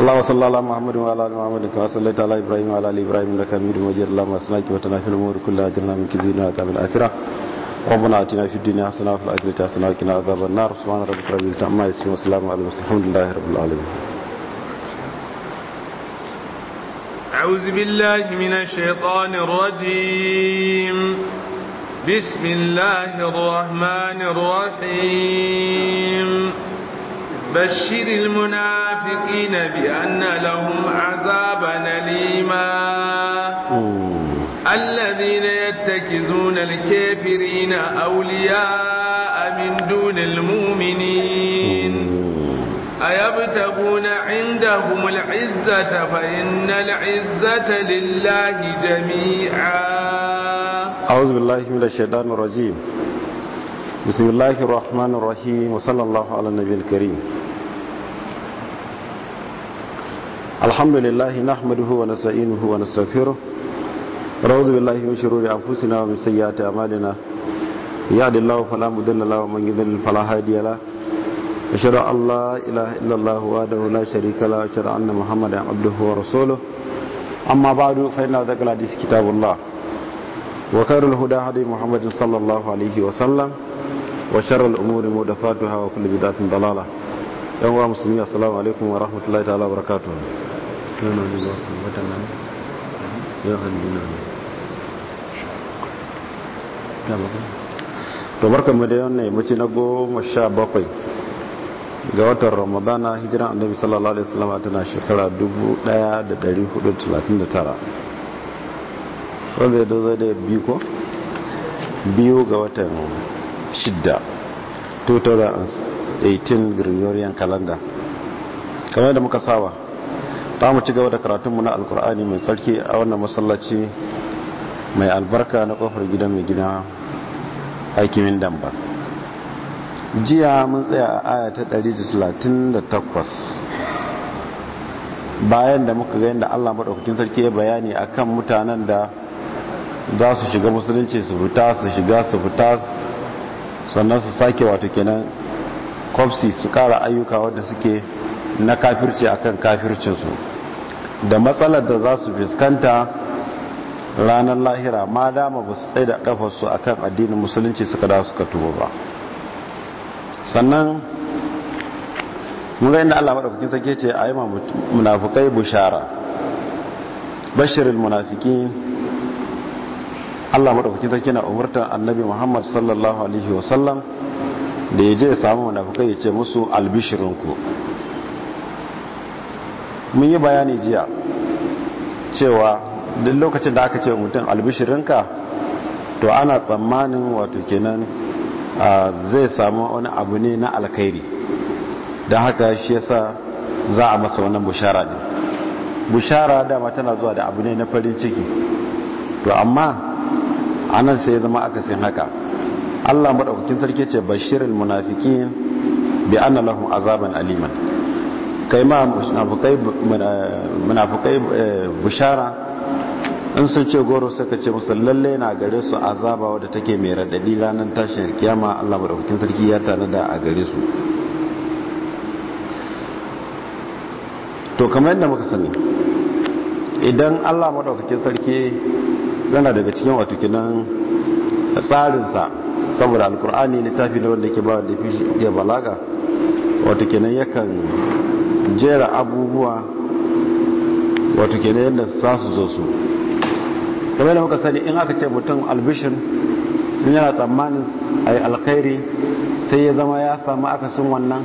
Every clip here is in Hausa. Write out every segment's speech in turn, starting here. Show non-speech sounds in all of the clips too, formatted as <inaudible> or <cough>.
اللهم صل على محمد وعلى ال محمد كما صليت على ابراهيم وعلى ال ابراهيم انك حميد مجيد اللهم اصلح وتنا في الامور كلها اجرنا من كزي العذاب الاخره ربنا اتنا في الدنيا حسنه وفي الاخره حسنه وقنا عذاب النار سبحان ربك رب العزه عما يصفون وسلام على المرسلين الحمد لله رب العالمين أعوذ بالله من الشيطان الرجيم بسم الله الرحمن الرحيم بشر المنافقين بأن لهم عذابا أليما الذين يتكزون الكافرين أولياء من دون المؤمنين أيبتغون عندهم العزة فإن العزة لله جميعا أعوذ بالله من الشيطان الرجيم بسم الله الرحمن الرحيم وصلى الله على النبي الكريم الحمد لله نحمده ونستعينه ونستغفره نعوذ بالله من شرور انفسنا ومن سيئات اعمالنا يهد الله فلا مضل له ومن يضلل فلا هادي له أشهد أن لا إله إلا الله وحده لا شريك له أشهد أن محمدا عبده ورسوله أما بعد فإن ذكر الحديث كتاب الله وخير الهدى هدي محمد صلى الله عليه وسلم وشر الأمور مؤدفاتها وكل بدعة ضلالة يوم مسلمين السلام عليكم ورحمة الله تعالى وبركاته to barkan mu da wannan mace na goma sha bakwai ga watan ramadana hijiran annabi sallallahu alaihi wasallam tana shekara 1439 wanda ya dozo da biyu ko biyu ga watan shidda 2018 gregorian calendar kamar da muka saba ta mu ci gaba da karatunmu na alkur'ani mai tsarki a wannan masallaci mai albarka na kofar gidan mai gina aikimin damba jiya mun tsaya a aya ta 138 bayan da muka ga yadda allah maɗaukakin sarki ya bayani akan mutanen da za su shiga musulunci su fita su shiga su fita sannan su sake wato kenan kwafsi su kara ayyuka wadda suke na kafirci akan kafircinsu da matsalar da za su fuskanta ranar lahira ma dama ba su tsaye da kafarsu akan addinin musulunci suka da suka tuba ba sannan mun inda Allah madaukakin sake ce a yi ma munafukai bushara bashirin munafikin Allah madaukakin sarki na umurtar annabi Muhammad sallallahu alaihi wasallam da ya je ya samu munafukai ya ce musu albishirinku mun yi bayani jiya cewa duk lokacin da aka ce mutum albishirinka to ana tsammanin wato kenan zai samu wani abu ne na alkhairi don haka shi yasa za a masa wannan bushara ne bushara dama tana zuwa da abu ne na farin ciki to amma anan sai zama akasin haka Allah madaukakin sarki ce bashirul munafiqin bi anna lahum azaban aliman kai ma munafikai munafikai eh, bushara in sun ce goro ka ce musu lalle na gare su azaba wadda take mai radadi ranar tashin kiyama Allah madaukakin sarki ya tanada a gare su to kamar yadda muka sani idan Allah madaukakin sarki yana daga cikin wato kinan tsarinsa saboda alkur'ani tafi na wanda ke ba da fi ya balaga wato kinan yakan jera abubuwa wato kinan yadda za su zo su kamar da muka sani in aka ce mutum albishin in yana tsammanin a yi alkhairi sai ya zama ya samu akasin wannan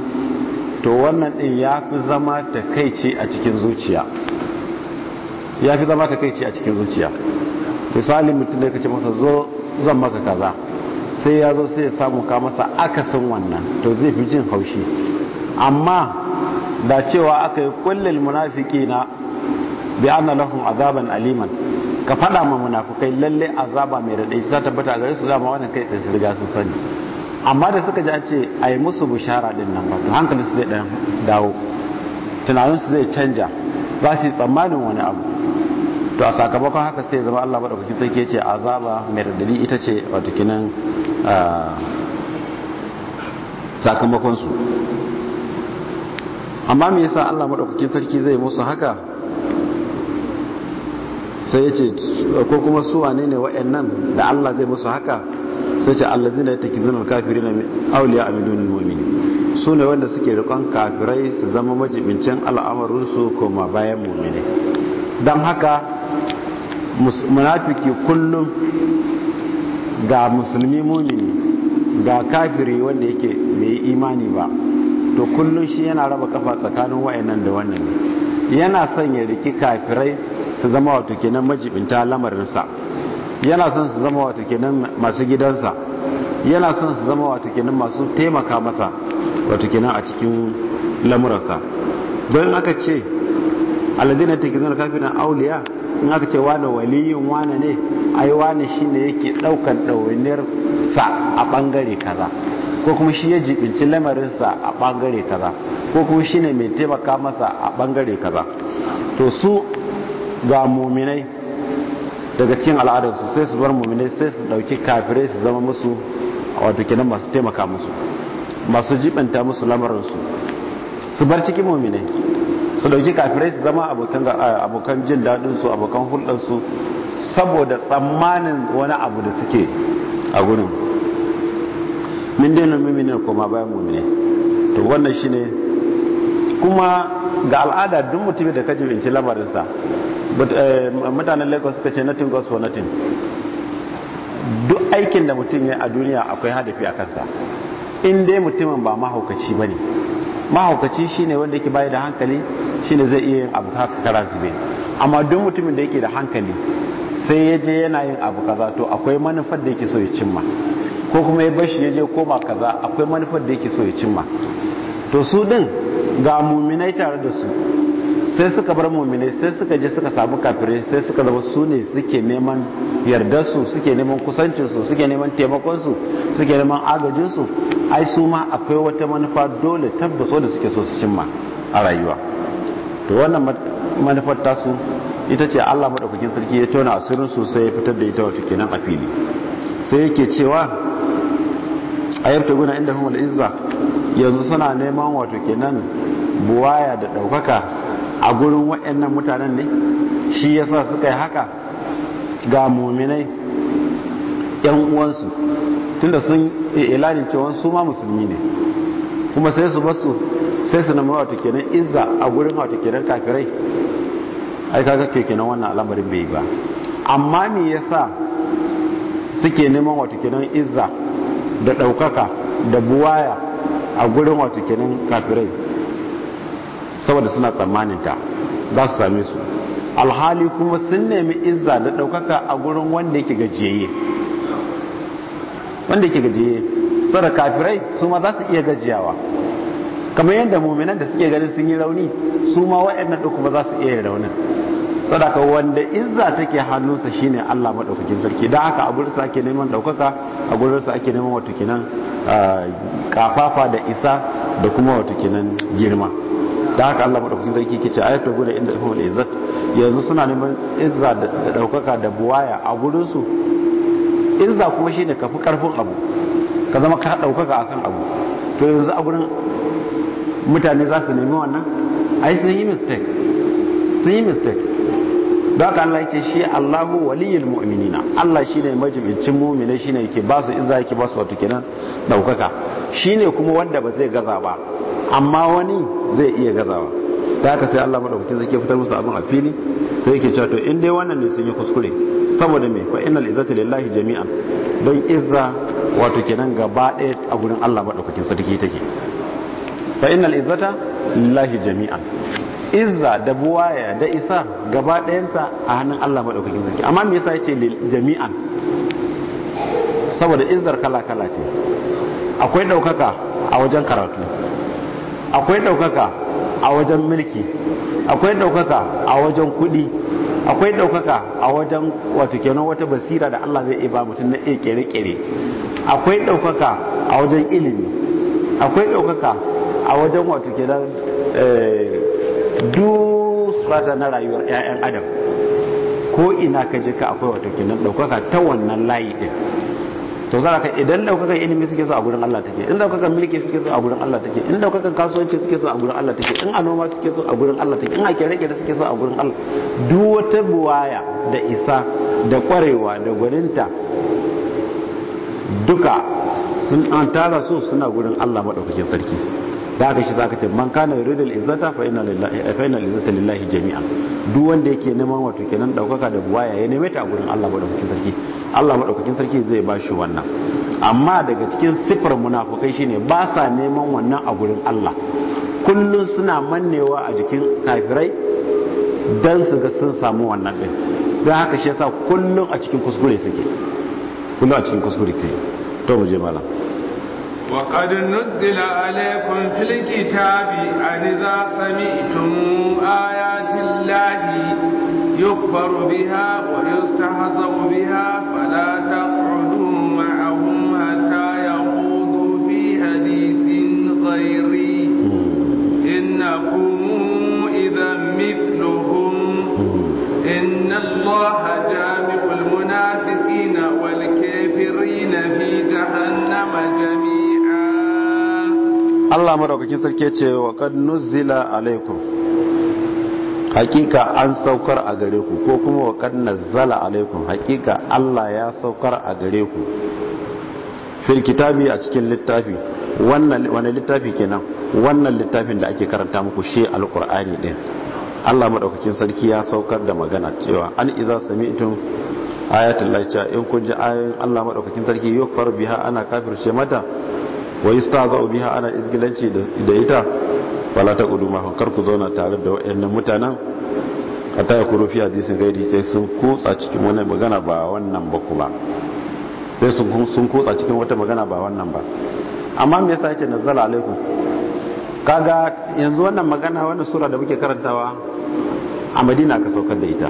to wannan din ya fi zama takaici a cikin zuciya ya fi zama takaici a cikin zuciya misali mutum da ne kace masa zo zan maka kaza sai ya zo sai ya samu ka masa akasin wannan to zai fi jin haushi amma da cewa aka yi kullal na bi anna lahum azaban aliman ka fada ma munafikai lalle azaba mai radai ta tabbata a gare su zama wannan kai tsaye su riga sun sani amma da suka ji an ce a yi musu bishara din nan ba to hankalin su zai dawo tunanin su zai canja za su yi tsammanin wani abu to a sakamakon haka sai zama Allah madaukakin sarki a azaba mai radadi ita ce wato kinan sakamakon amma me yasa Allah madaukakin sarki zai musu haka sai ce ko kuma su ne ne nan da Allah zai musu haka sai ce Allah zina zunar kafiri na auliya a dunil mummini su ne wanda suke rikon kafirai su zama majibincin al'amarinsu koma bayan mummini don haka munafiki kullum ga musulmi mumini ga kafiri wanda yake mai imani ba to kullum shi yana raba kafa tsakanin wayannan da wannan yana son ya riki kafirai su zama wato kenan majibinta lamarinsa yana son su zama wato kenan masu gidansa yana son su zama wato kenan masu taimaka masa wato kenan a cikin lamuransa don aka ce alladina take zana kafinan auliya in aka ce wane waliyin wane ne ai wane shi ne yake ɗaukan ɗawainiyar sa a ɓangare kaza ko kuma shi ya jibinci lamarinsa a ɓangare kaza ko kuma shi ne mai taimaka masa a ɓangare kaza to su ga muminai daga cikin al'adarsu sai su bar muminai sai su ɗauki kafirai su zama musu a wato kenan masu taimaka musu masu jibinta musu lamarinsu su bar cikin muminai su dauki kafirai su zama abokan jin daɗinsu abokan hulɗarsu saboda tsammanin wani abu da suke a gurin min dinin muminin kuma bayan mumine to wannan shi ne kuma ga al'ada duk mutumin da kaji binci lamarinsa eh, mutanen lagos suka ce nothing goes for nothing duk aikin da mutum ya a duniya akwai hadafi a kansa in dai mutumin ba mahaukaci ba ne mahaukaci shi ne wanda yake bayi da hankali shine zai iya yin abu haka kara zube amma duk mutumin da yake da hankali sai ya je yana yin abu kaza to akwai manufar da yake so ya cimma ko kuma ya bashi ya je koma kaza akwai manufar da yake so ya cimma to su din ga muminai tare da su sai suka bar muminai sai suka je suka samu kafirai sai suka zama su ne suke neman yardarsu suke neman kusancinsu suke neman taimakonsu suke neman agajinsu ai su ma akwai wata manufa dole tabbaso da suke so su cimma a rayuwa to wannan manufar tasu ita ce Allah maɗaukakin sarki ya tona asirin su sai ya fitar da ita wato kenan a fili sai yake cewa ayyabta guna inda humul izza yanzu suna neman wato kenan buwaya da ɗaukaka a gurin waɗannan mutanen ne shi ya sa suka yi haka ga muminai yan uwansu tunda sun ilanin cewa su ma musulmi ne kuma sai su basu sai su nama wata kenan izza a gurin wata kenan kafirai ai kaga ke kenan wannan al'amarin bai ba amma me yasa suke neman wata kenan izza da daukaka da buwaya a gurin wata kenan kafirai saboda suna tsammanin ta za su same su alhali kuma sun nemi izza da daukaka a gurin wanda yake gajiyayye wanda yake gajiyayye tsara kafirai su ma za su iya gajiyawa kamar yadda muminan da suke ganin sun yi rauni su ma wa'annan ɗin kuma za su iya raunin sadaka wanda izza take hannunsa shine Allah madaukakin sarki dan haka a gurinsa ake neman daukaka a gurinsa ake neman wato kafafa da isa da kuma wato girma da haka Allah madaukakin sarki ke ce ayatu guda inda hul izzat yanzu suna neman izza da daukaka da buwaya a gurinsu izza kuma shine kafi karfin abu ka zama ka ɗaukaka a kan abu to yanzu a gudun mutane za su nemi wannan a yi sun yi mistake sun yi mistake don aka Allah ce shi Allahu waliyul mu'minina Allah shine majibicin mu'mina shine yake ba su izza yake basu wata kenan ɗaukaka daukaka shine kuma wanda ba zai gaza ba amma wani zai iya gazawa ta haka sai Allah maɗaukaki zai ke fitar musu abin a fili sai yake cewa to in dai wannan ne sun yi kuskure saboda me fa innal izzata lillahi jami'an don izza wato kenan gaba ɗaya a gurin Allah maɗaukakin sarki take fa innal izzata lillahi jami'an izza da buwaya da isa gaba ɗayansa a hannun Allah maɗaukakin sarki amma me yasa yace jami'an saboda izzar kala kala ce akwai ɗaukaka a wajen karatu akwai ɗaukaka a wajen mulki akwai ɗaukaka a wajen kuɗi akwai ɗaukaka a wajen wata kenan wata basira da Allah zai iya ba mutum na iya kere-kere akwai ɗaukaka a wajen ilimi akwai ɗaukaka a wajen wata kenan eh, dusrata na rayuwar 'ya'yan adam ko ina ka je ka akwai wata kenan ɗaukaka ta wannan layi ɗin to za ka idan daukakan ilimi suke so a gurin Allah take in daukakan mulki suke so a gurin Allah take in daukakan kasuwanci suke so a gurin Allah take in a noma suke so a gurin Allah take in a kere-kere suke so a gurin Allah duk wata buwaya da isa da kwarewa da gwaninta duka sun an tara su suna gurin Allah madaukakin sarki da aka shi za ka ce man kana yi al-izzata fa inna lillahi izzata lillahi jami'a duk wanda yake neman wato kenan daukaka da buwaya ya neme ta a gurin Allah maɗaukakin sarki Allah maɗaukakin sarki zai ba shi wannan amma daga cikin sifar munafukai shine ba sa neman wannan a gurin Allah Kullum suna mannewa a jikin kafirai dan su ga sun samu wannan din Da haka shi yasa kullum a cikin kuskure suke Kullum a cikin kuskure suke to mu je malam وقد نزل عليكم في الكتاب أن إذا سمعتم آيات الله يكفر بها ويستهزأ بها فلا تقعدوا معهم حتى يخوضوا في حديث غيري إنكم إذا مثلهم إن الله جامع المنافقين والكافرين في جهنم جميعا Allah madaukakin sarki ce wa kan nuzila alaikum hakika an saukar a gare ku ko kuma wa kad nazala alaikum hakika Allah ya saukar a gare ku fil kitabi a cikin littafi wannan wani littafi kenan wannan littafin da ake karanta muku shi alqur'ani din Allah madaukakin sarki ya saukar da magana cewa an idza sami'tum ayatul laita in kun ji ayoyin Allah madaukakin sarki yukfar biha ana kafirce mata wa yastahza'u biha ana izgilanci da ita ta taqudu ma kar ku zauna tare da wa'annan mutanen yi kuro fiye da hadisin gaidi sai sun kutsa cikin wani magana ba wannan ba kuma sai sun kutsa cikin wata magana ba wannan ba amma me yasa na zala alaikun kaga yanzu wannan magana wannan sura da muke karantawa a madina ka saukar da ita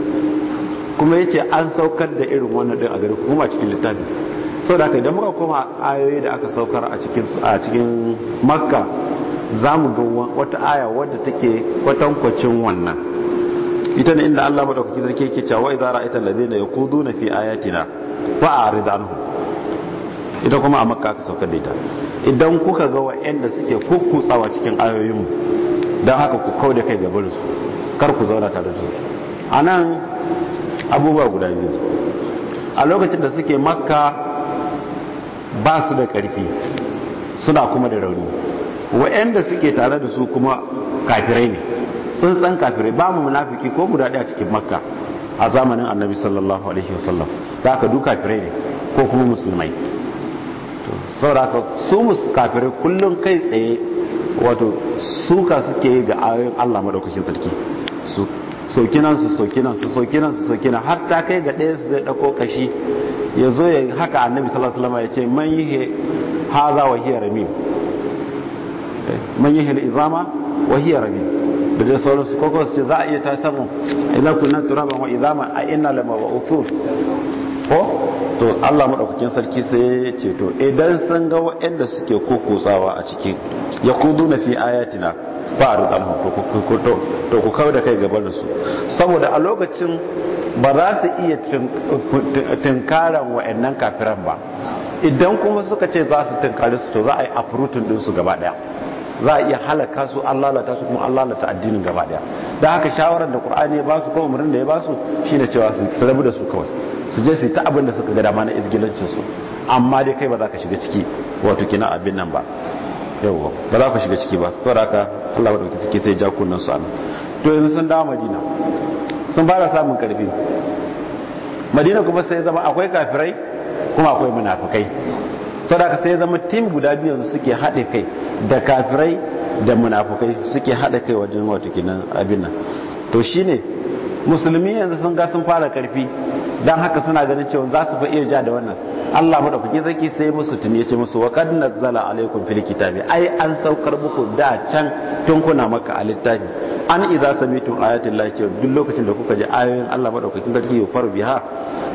kuma yace an saukar da irin wannan din a gari kuma cikin littafi sau da haka idan muka koma ayoyi da aka saukar a cikin makka za mu ga wata aya wadda take kwatankwacin wannan ita ne inda allah maɗaukaki zarki yake cewa idza ra'aita alladhina yaquduna fi ayatina fa'rid anhum ita kuma a makka aka saukar da ita idan kuka ga wa'anda suke kukkutsawa cikin ayoyinmu don haka ku kauda kai gaban su kar ku zauna tare da su anan abubuwa guda biyu a lokacin da suke makka ba su da ƙarfi suna kuma da rauni wa'anda suke tare da su kuma kafirai ne sun san kafirai ba mu munafiki ko guda ɗaya cikin makka a zamanin annabi sallallahu alaihi wasallam da aka duka kafirai ne ko kuma musulmai sauraka su musu kafirai kullum kai tsaye wato suka suke ga ayoyin allah maɗaukakin sarki saukinan su saukinan su saukinan su saukinan har ta kai ga ɗaya su zai ɗako ƙashi ya zo ya haka annabi sallallahu alaihi ya ce man yi haza wa hiyar rami man yihe izama wa hiyar rami da dai sauransu koko su ce za a iya ta samu idan kunna turaban wa izama a ina lama wa ufu. ko to Allah madaukakin sarki sai ya ce to idan sun ga waɗanda suke kokotsawa a ciki yaquduna fi ayatina ba a rika to ku kawai da kai gaba da su saboda a lokacin ba za su iya tunkaran wa'annan kafiran ba idan kuma suka ce za su tunkari su to za a yi afrutun din su gaba daya za a iya halaka su an lalata su kuma an lalata addinin gaba daya da haka shawarar da kur'ani ya ba su ko umarnin da ya ba su ne cewa su rabu da su kawai su je su yi ta abin da suka ga dama na amma dai kai ba za ka shiga ciki wato kina abin nan ba yawwa ba za ku shiga ciki ba saboda haka Allah ba dauki suke sai ja kunnan su ana to yanzu sun dawo Madina sun fara samun karfi Madina kuma sai zama akwai kafirai kuma akwai munafikai saboda haka sai zama tim guda biyu yanzu suke haɗe kai da kafirai da munafukai suke haɗa kai wajen wato kenan abin nan to shine musulmi yanzu sun ga sun fara karfi dan haka suna ganin cewa za su fa iya ja da wannan Allah madaukakin sarki sai musu tuni yace musu wa qad nazzala alaikum fil kitabi ai an saukar muku da can tun kuna maka a littafi an idza samitum ayatin lahi cewa duk lokacin da kuka ji ayoyin Allah madaukakin sarki ya faru biha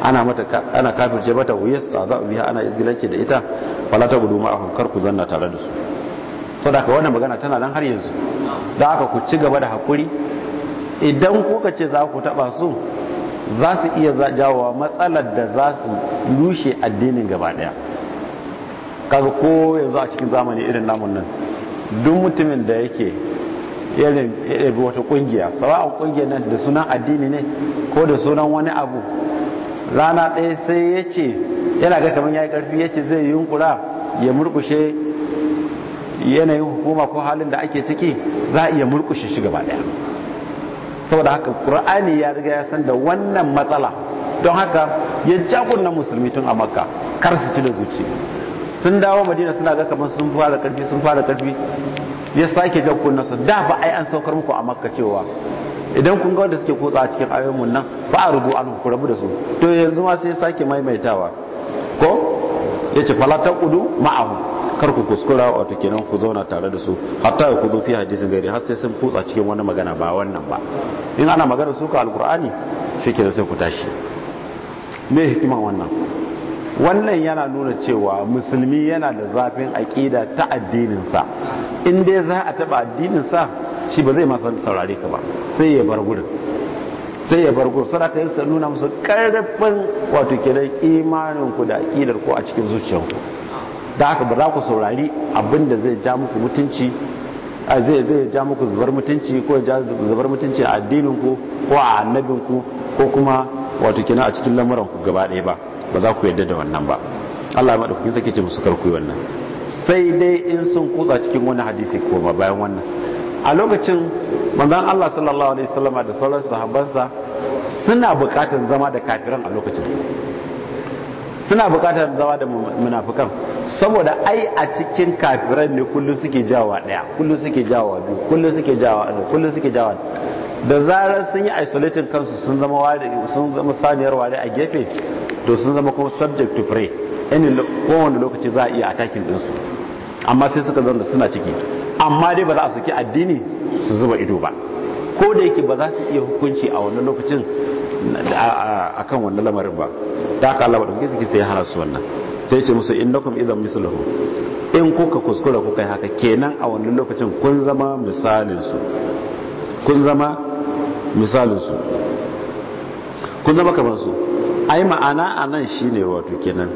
ana mata ana kafirce mata wa yastaza biha ana izgilanci da ita fala ta gudu ma'ahum kar ku zanna tare da su saboda wannan magana tana nan har yanzu da aka ku ci gaba da hakuri idan kuka ce za ku taɓa su za su iya jawowa matsalar da za su rushe addinin gaba daya kaga ko yanzu a cikin zamani irin namun nan duk mutumin da yake irin ɗabi wata ƙungiya sawaa ƙungiya nan da sunan addini ne ko da sunan wani abu rana ɗaya sai ya ce yana ga kamar ya yi ƙarfi ya ce zai yunkura ya murkushe yanayin hukuma ko halin da ake ciki za a iya murkushe shi gaba ɗaya saboda haka qur'ani ya riga ya san da wannan matsala don haka ya jakunna musulmi tun a makka kar su ci da zuci sun dawo madina suna ga kamar sun fara karfi sun fara karfi ya sake jakunna su da ba ai an saukar muku a makka cewa idan kun ga wanda suke kotsa a cikin ayoyin mun nan ba a rubu an ku rabu da su to yanzu ma sai sake maimaitawa ko yace fala taqudu kar ku kuskura wato kenan ku zauna tare da su hatta ya zo fi hadisin gari har sai sun kutsa cikin wani magana ba wannan ba in ana magana su ka alkur'ani shi ke sai ku tashi me hikima wannan wannan yana nuna cewa musulmi yana da zafin aƙida ta addininsa in dai za a taɓa addininsa shi ba zai masu saurare ka ba sai ya bar gudun sai ya bar gudun suna ka nuna musu ƙarfin wato kenan imaninku da aƙidar ko a cikin zuciyarku da haka ba za ku saurari abin da zai ja muku mutunci zai zai ja muku zubar mutunci ko ja zubar mutunci a addinin ku ko a annabin ku ko kuma wato kina a cikin lamuran ku gaba ɗaya ba ba za ku yadda da wannan ba Allah ya madaukakin sake ce musu karku wannan sai dai in sun kutsa cikin wani hadisi ko ba bayan wannan a lokacin manzon Allah sallallahu alaihi wasallama da sauran sahabbansa suna buƙatar zama da kafiran a lokacin suna bukatar zama da munafukan saboda ai a cikin kafiran ne kullum suke jawa daya kullum suke jawa biyu kullum suke jawa ɗaya kullum suke jawa da zarar sun yi isolating kansu sun zama wari sun zama saniyar wari a gefe to sun zama kuma subject to pray any kowane lokaci za a iya attacking din su amma sai suka zama suna ciki amma dai ba za a saki addini su zuba ido ba ko da yake ba za su iya hukunci a wannan lokacin akan wannan lamarin ba da haka Allah madaukakin sarki sai ya su wannan sai ce musu innakum idan misluhu in kuka kuskura kuka yi haka kenan a wannan lokacin kun zama misalinsu kun zama misalinsu kun zama kamar su ai ma'ana a nan shi ne wato kenan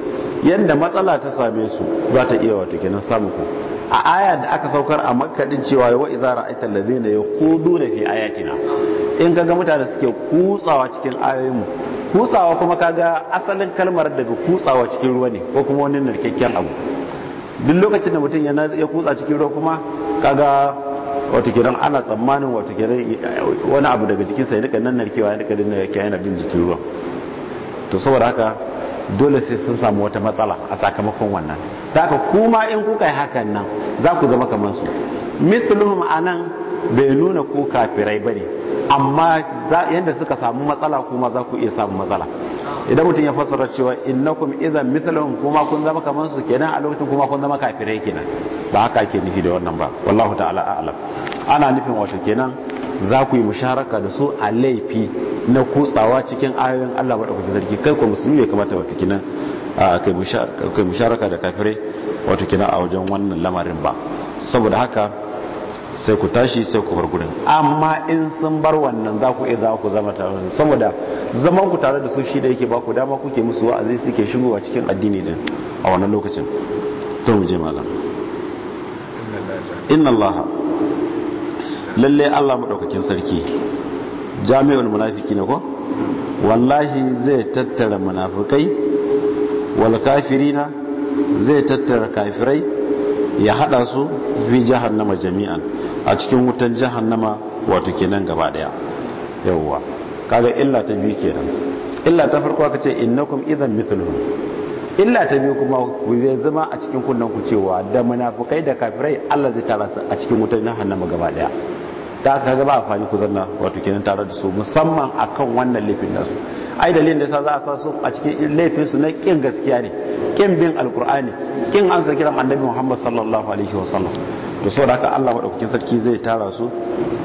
yadda matsala ta same su za ta iya wato kenan samu ku a aya da aka saukar a makaɗin cewa yawa izara aitar da zai na ya kudu da fi ayatina in kaga mutane suke kutsawa cikin ayoyinmu kutsawa kuma kaga asalin kalmar daga kutsawa cikin ruwa ne ko kuma wani narkakken abu duk lokacin da mutum ya kutsa cikin ruwa kuma kaga wata kiran ana tsammanin wata kiran wani abu daga jikinsa ya rika nan narkewa ya rika narkewa yana bin jikin ruwa to saboda haka dole sai sun samu wata matsala a sakamakon wannan da haka kuma in kuka yi hakan nan za ku zama kamar su mithluhum anan bai nuna ko kafirai bane amma yadda suka samu matsala kuma za ku iya samu matsala idan mutum ya fassara cewa innakum idan mithlahum kuma kun zama kamar su kenan a lokacin kuma kun zama kafirai kenan ba haka ake nufi da wannan ba wallahu ta'ala a'lam ana nufin wato kenan za ku yi musharaka da su a laifi na kutsawa cikin ayoyin Allah madaukakin sarki kai ko musulmi bai kamata kenan kai musharaka da kafire wato kenan a wajen wannan lamarin ba saboda haka sai ku tashi sai ku bar gurin amma in sun bar wannan za ku iya za ku zama tare da saboda zaman ku tare da su shi da yake ba ku dama kuke musu wa'azi suke shigowa cikin addini din a wannan lokacin to mu je malam inna allaha lalle allah maɗaukakin sarki jami'ul munafiki ne ko wallahi zai tattara munafikai wal kafirina zai tattara kafirai ya hada su fi jahannama jami'an a cikin wutan jahannama wato kenan gaba daya yawwa kaga illa ta biyu kenan illa ta farko aka ce innakum idan mithluhum illa ta biyu kuma zai zama a cikin kunnan ku cewa da munafukai da kafirai Allah zai tara su a cikin wutan jahannama gaba daya da aka gaba ba amfani ku zanna wato kenan tare da su musamman akan wannan laifin nasu ai dalilin da yasa za a sa su a cikin laifin su na kin gaskiya ne kin bin alkur'ani kin ansa kiran annabi Muhammad sallallahu alaihi wasallam to da haka Allah maɗaukakin sarki zai tara su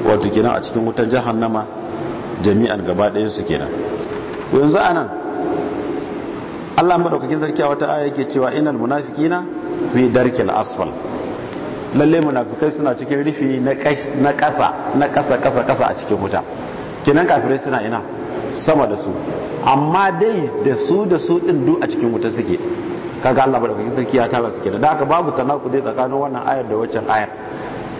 wato kenan a cikin wutar jahannama jami'an gaba ɗayan su kenan yanzu anan Allah maɗaukakin sarki a wata aya yake cewa munafiki na fi darkin asfal lalle munafikai suna cikin rufi na ƙasa na ƙasa ƙasa ƙasa a cikin wuta kinan kafirai suna ina sama da su amma dai da su da su ɗin duk a cikin wuta suke kaga Allah yi sarki ya tara su kenan da haka babu dai tsakanin wannan ayar da waccan ayar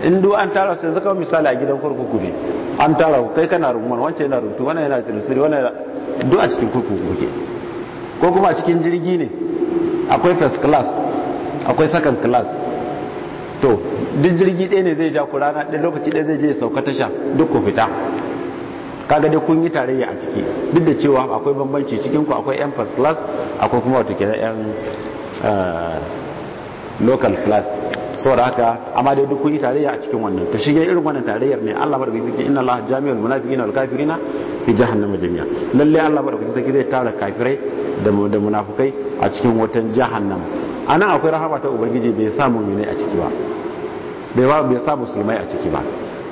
in duk an tara su yanzu kawai misali a gidan kurkuku ne an tara ku kai kana rumman wancan yana rubutu wannan yana tilisiri wannan duk a cikin kurkuku kuke ko kuma a cikin jirgi ne akwai first class akwai second class to duk jirgi ɗaya ne zai ja ku rana ɗaya lokaci ɗaya zai je ya sauka tasha duk ku fita kaga dai kun yi tarayya a ciki duk da cewa akwai bambanci cikin ku akwai yan first class akwai kuma wato kenan yan Eh, local class saboda haka amma dai duk kun yi tarayya a cikin wannan to shige irin wannan tarayyar ne Allah madaukakin sarki inna Allah jami'ul munafiqin wal kafirina fi jahannama jami'a lalle Allah madaukakin sarki zai tara kafirai da da munafikai a cikin watan jahannama anan akwai rahama ta ubangiji bai sa ne a ciki ba bai ba bai sa musulmai a ciki ba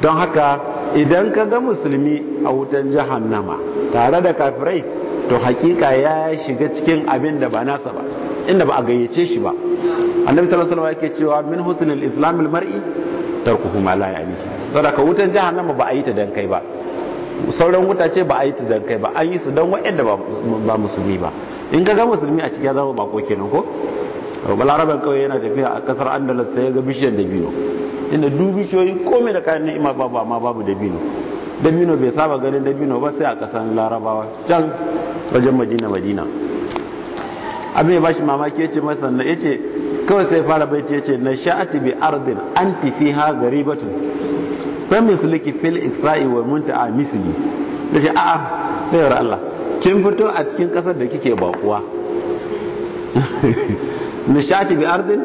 don haka idan ka ga musulmi a wutan jahannama tare da kafirai to hakika ya shiga cikin abin da ba nasa ba inda ba a gayyace shi ba annabi sallallahu alaihi wasallam yake cewa min husnil islamil mar'i tarkuhu ma la ya'nihi Da ka wutan jahannama ba a yi ta dan kai ba sauran ce ba a yi ta dan kai ba an yi su dan waanda ba musulmi ba in ka ga musulmi a cikin zama bako kenan ko balaraban kawai yana tafiya a kasar andalus sai ga bishiyar dabino inda dubicoyi komai da kayan ni'ima babu amma babu dabino dabino bai saba ganin dabino ba sai a kasan larabawa can wajen madina madina abin ya bashi mamaki ce masa na ce kawai sai fara bai ya ce na sha'ati bi ardin an ha gari batun. ɗan misliki fil isra'i wa munta'a misli ke a'a wa Allah kin fito a cikin ƙasar da kike bakuwa <laughs> sha'ati bi ardin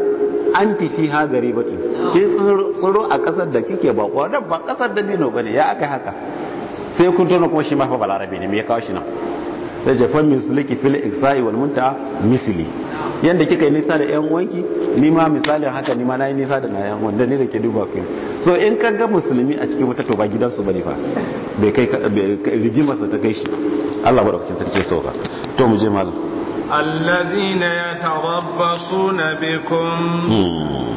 an ha gari batun kin tsoro a ƙasar da kike bakuwa dan ba ƙasar da bino bane ya aka haka sai kun tona kuma shi ma fa balarabe ne me ya kawo shi nan da jafan misliki fil iksa'i wal munta misli yanda kika yi nisa da yan uwanki ni ma misalin haka ni ma nayi nisa da nayan wanda ne da ke duba ku so in ka ga musulmi a cikin wata to ba su bane fa bai kai rigima sa ta kai shi Allah barkatun sarki sauka to mu je malam الذين يتربصون بكم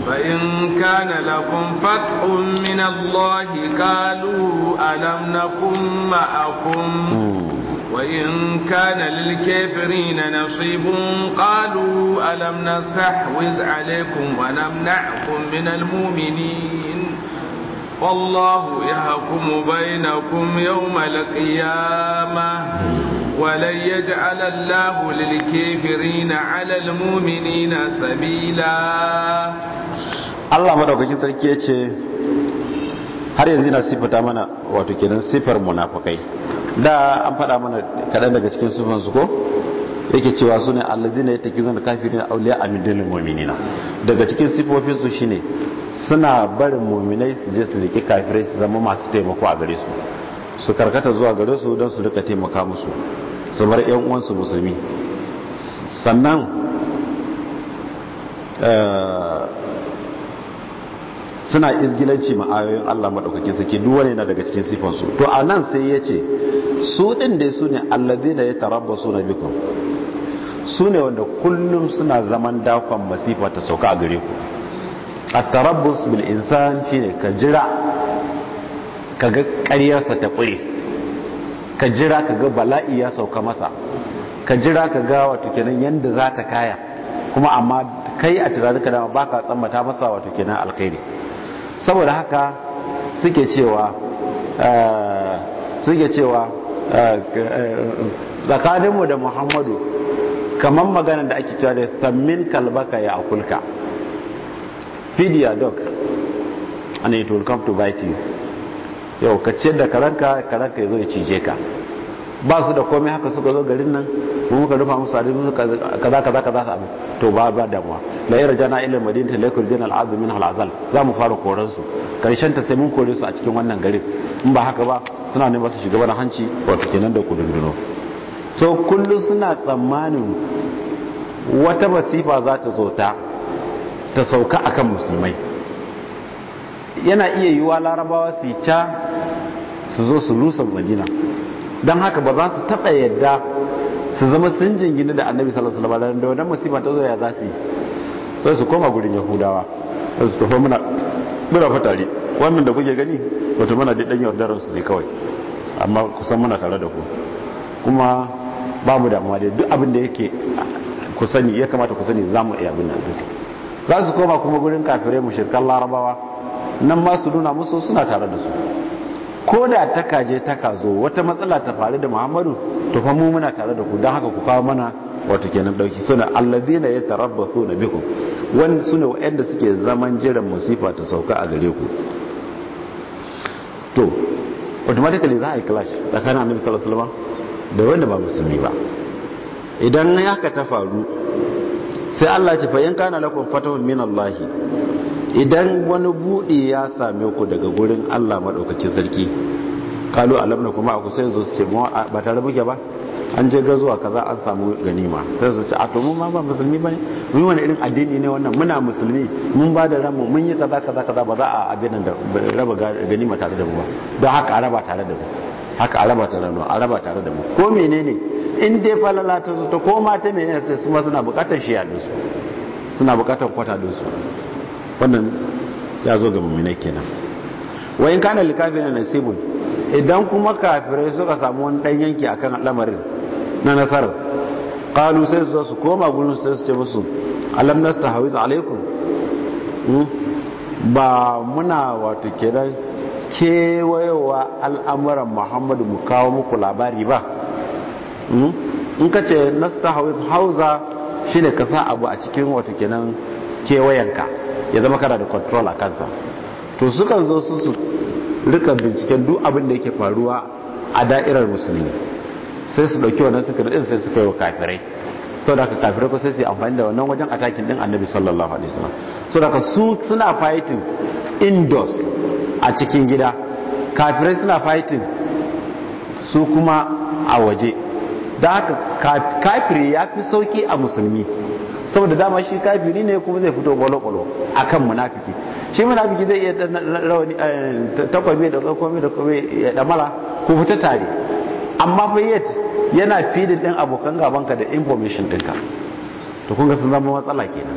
فإن كان لكم فتح من الله قالوا ألم نكن معكم وإن كان للكافرين نصيب قالوا ألم نستحوذ عليكم ونمنعكم من المؤمنين والله يحكم بينكم يوم القيامة ولن يجعل الله للكافرين على المؤمنين سبيلا الله madaukakin sarki ya ce har yanzu na sifata mana wato kenan sifar munafukai da an faɗa mana kaɗan daga cikin su ko yake cewa su ne allazina ya taki zana kafirin auliya a midinin mominina daga cikin sifofinsu shine suna barin mominai su je su riƙi kafirai su zama masu taimako a gare su su karkata zuwa gare su don su rika taimaka musu su bar yan uwansu musulmi sannan eh, suna izgilanci ma'ayoyin Allah maɗaukakin sarki duwane na daga cikin sifansu to a nan sai ya ce su ɗin dai su ne allazina ya tarabba suna bikin su ne wanda kullum suna zaman dakon masifa ta sauka a gare ku a tarabbus bil insan ne ka jira ka ga ƙaryarsa ta ƙure ka jira ka ga bala'i ya sauka masa ka jira ka ga wato kenan yadda za ta kaya kuma amma kai a tunanin ka dama baka tsammata masa wato kenan alkhairi saboda haka suke cewa eh, suke cewa Ah, eh, eh, eh. tsakaninmu da muhammadu kamar magana da ake cewa da tsammin kalbaka ya akulka fidya dog and it will come to bite you yau ka ce da karanka karanka ya zo ya cije ka ba su da komai haka suka zo garin nan mun muka rufa musu alimu kaza kaza kaza su abu to ba ba damuwa la yi rajana ilin madinta la yakul jana min za mu fara koran su karshen ta sai mun kore su a cikin wannan garin in ba haka ba suna ba su shiga bana hanci wato kenan da kudurino to kullum suna tsammanin wata masifa za ta zo ta ta sauka akan musulmai yana iya yiwuwa larabawa su yi ca su zo su rusa madina don haka ba za su taɓa yadda su zama sun jingini da annabi salasu labaran da wannan masifa ta zo ya za su yi sai su koma gudun yahudawa su tafi muna muna fatare wannan da kuke gani wato muna da ɗanyar yaudarar su ne kawai amma kusan muna tare da ku kuma ba mu damuwa da duk abin da yake ku sani ya kamata ku sani za mu iya abin nan za su koma kuma gudun kafirai shirkan larabawa nan ma su nuna musu suna tare da su ko da ta kaje ta wata matsala ta faru da muhammadu to fa muna tare da ku don haka ku kawo mana Wata kenan dauki suna allazina yatarabbathuna bikum Wani suna wa'anda suke zaman jiran musifa ta sauka a gare ku to automatically za a yi clash tsakanin annabi sallallahu alaihi wasallam da wanda ba musulmi ba idan haka ta faru sai Allah ya ce fa in kana lakum fatahun min Allah idan wani buɗe ya same ku daga gurin Allah maɗaukacin sarki kalu alamna kuma a kusa yanzu su ce ba tare muke ba an je gazuwa kaza an samu ganima sai su ce a to mun ma ba musulmi ba ne mun wani irin addini ne wannan muna musulmi mun ba da ranmu mun yi kaza kaza kaza ba za a abin da raba ganima tare da mu ba don haka a raba tare da mu haka a raba tare da mu a raba tare da mu ko menene in dai falala ta zo ta koma ta menene sai su ma suna bukatar shi a dusu? suna bukatar kwata din wannan ya zo ga mummina kenan wa in kana na nasibun idan kuma kafirai suka samu wani dan yanki akan al'amarin na nasarar qalu sai su su koma gurin sai su ce musu alam nastahawiz alaikum hmm? ba muna wato kenan kewayowa al'amuran muhammadu mu kawo muku labari ba hmm? in ka ce nastahwiz hauza shine ka sa abu a cikin wato kenan kewayenka ya zama kana da control a kansa to sukan zo su su rika binciken duk abin da yake faruwa a da'irar musulmi sai su dauki wannan suka din sai su kai wa kafirai to da kafirai ko sai su amfani da wannan wajen attacking din annabi sallallahu alaihi wasallam so da su suna fighting indoors a cikin gida kafirai suna fighting su kuma a waje da haka kafiri ya fi sauki a musulmi saboda dama shi kafiri ne kuma zai fito kwalo-kwalo a kan munafiki shi munafiki zai iya rauni eh, takwabi da komai da komai ya damara ku fita tare amma fayyad yana da din abokan gabanka da information dinka to kun sun zama matsala kenan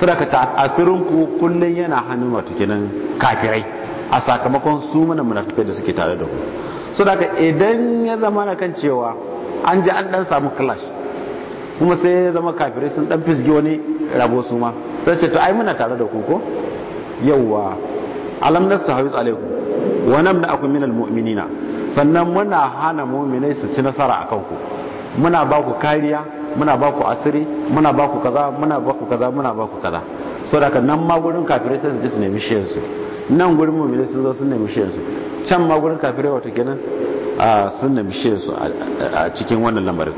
da ka asirin ku kullum yana hannun wata kenan kafirai a sakamakon su mana munafikai da suke tare da ku da ka idan ya zama na kan cewa an ji an dan samu clash kuma sai ya zama kafirai sun dan fisge wani rabo su ma sai ce to ai muna tare da ku ko yawa alam nastahwiz alaikum wa na namna'akum minal mu'minina sannan muna hana mu'minai su ci nasara akan ku muna ba ku kariya muna ba ku asiri muna ba ku kaza muna ba ku kaza muna ba ku kaza saboda nan ma gurin kafirai sai su ji su nemi shiyar su nan gurin mu'minai sun zo sun nemi shiyar su can ma gurin kafirai wato kenan ah, sun nemi shiyar su a cikin wannan lamarin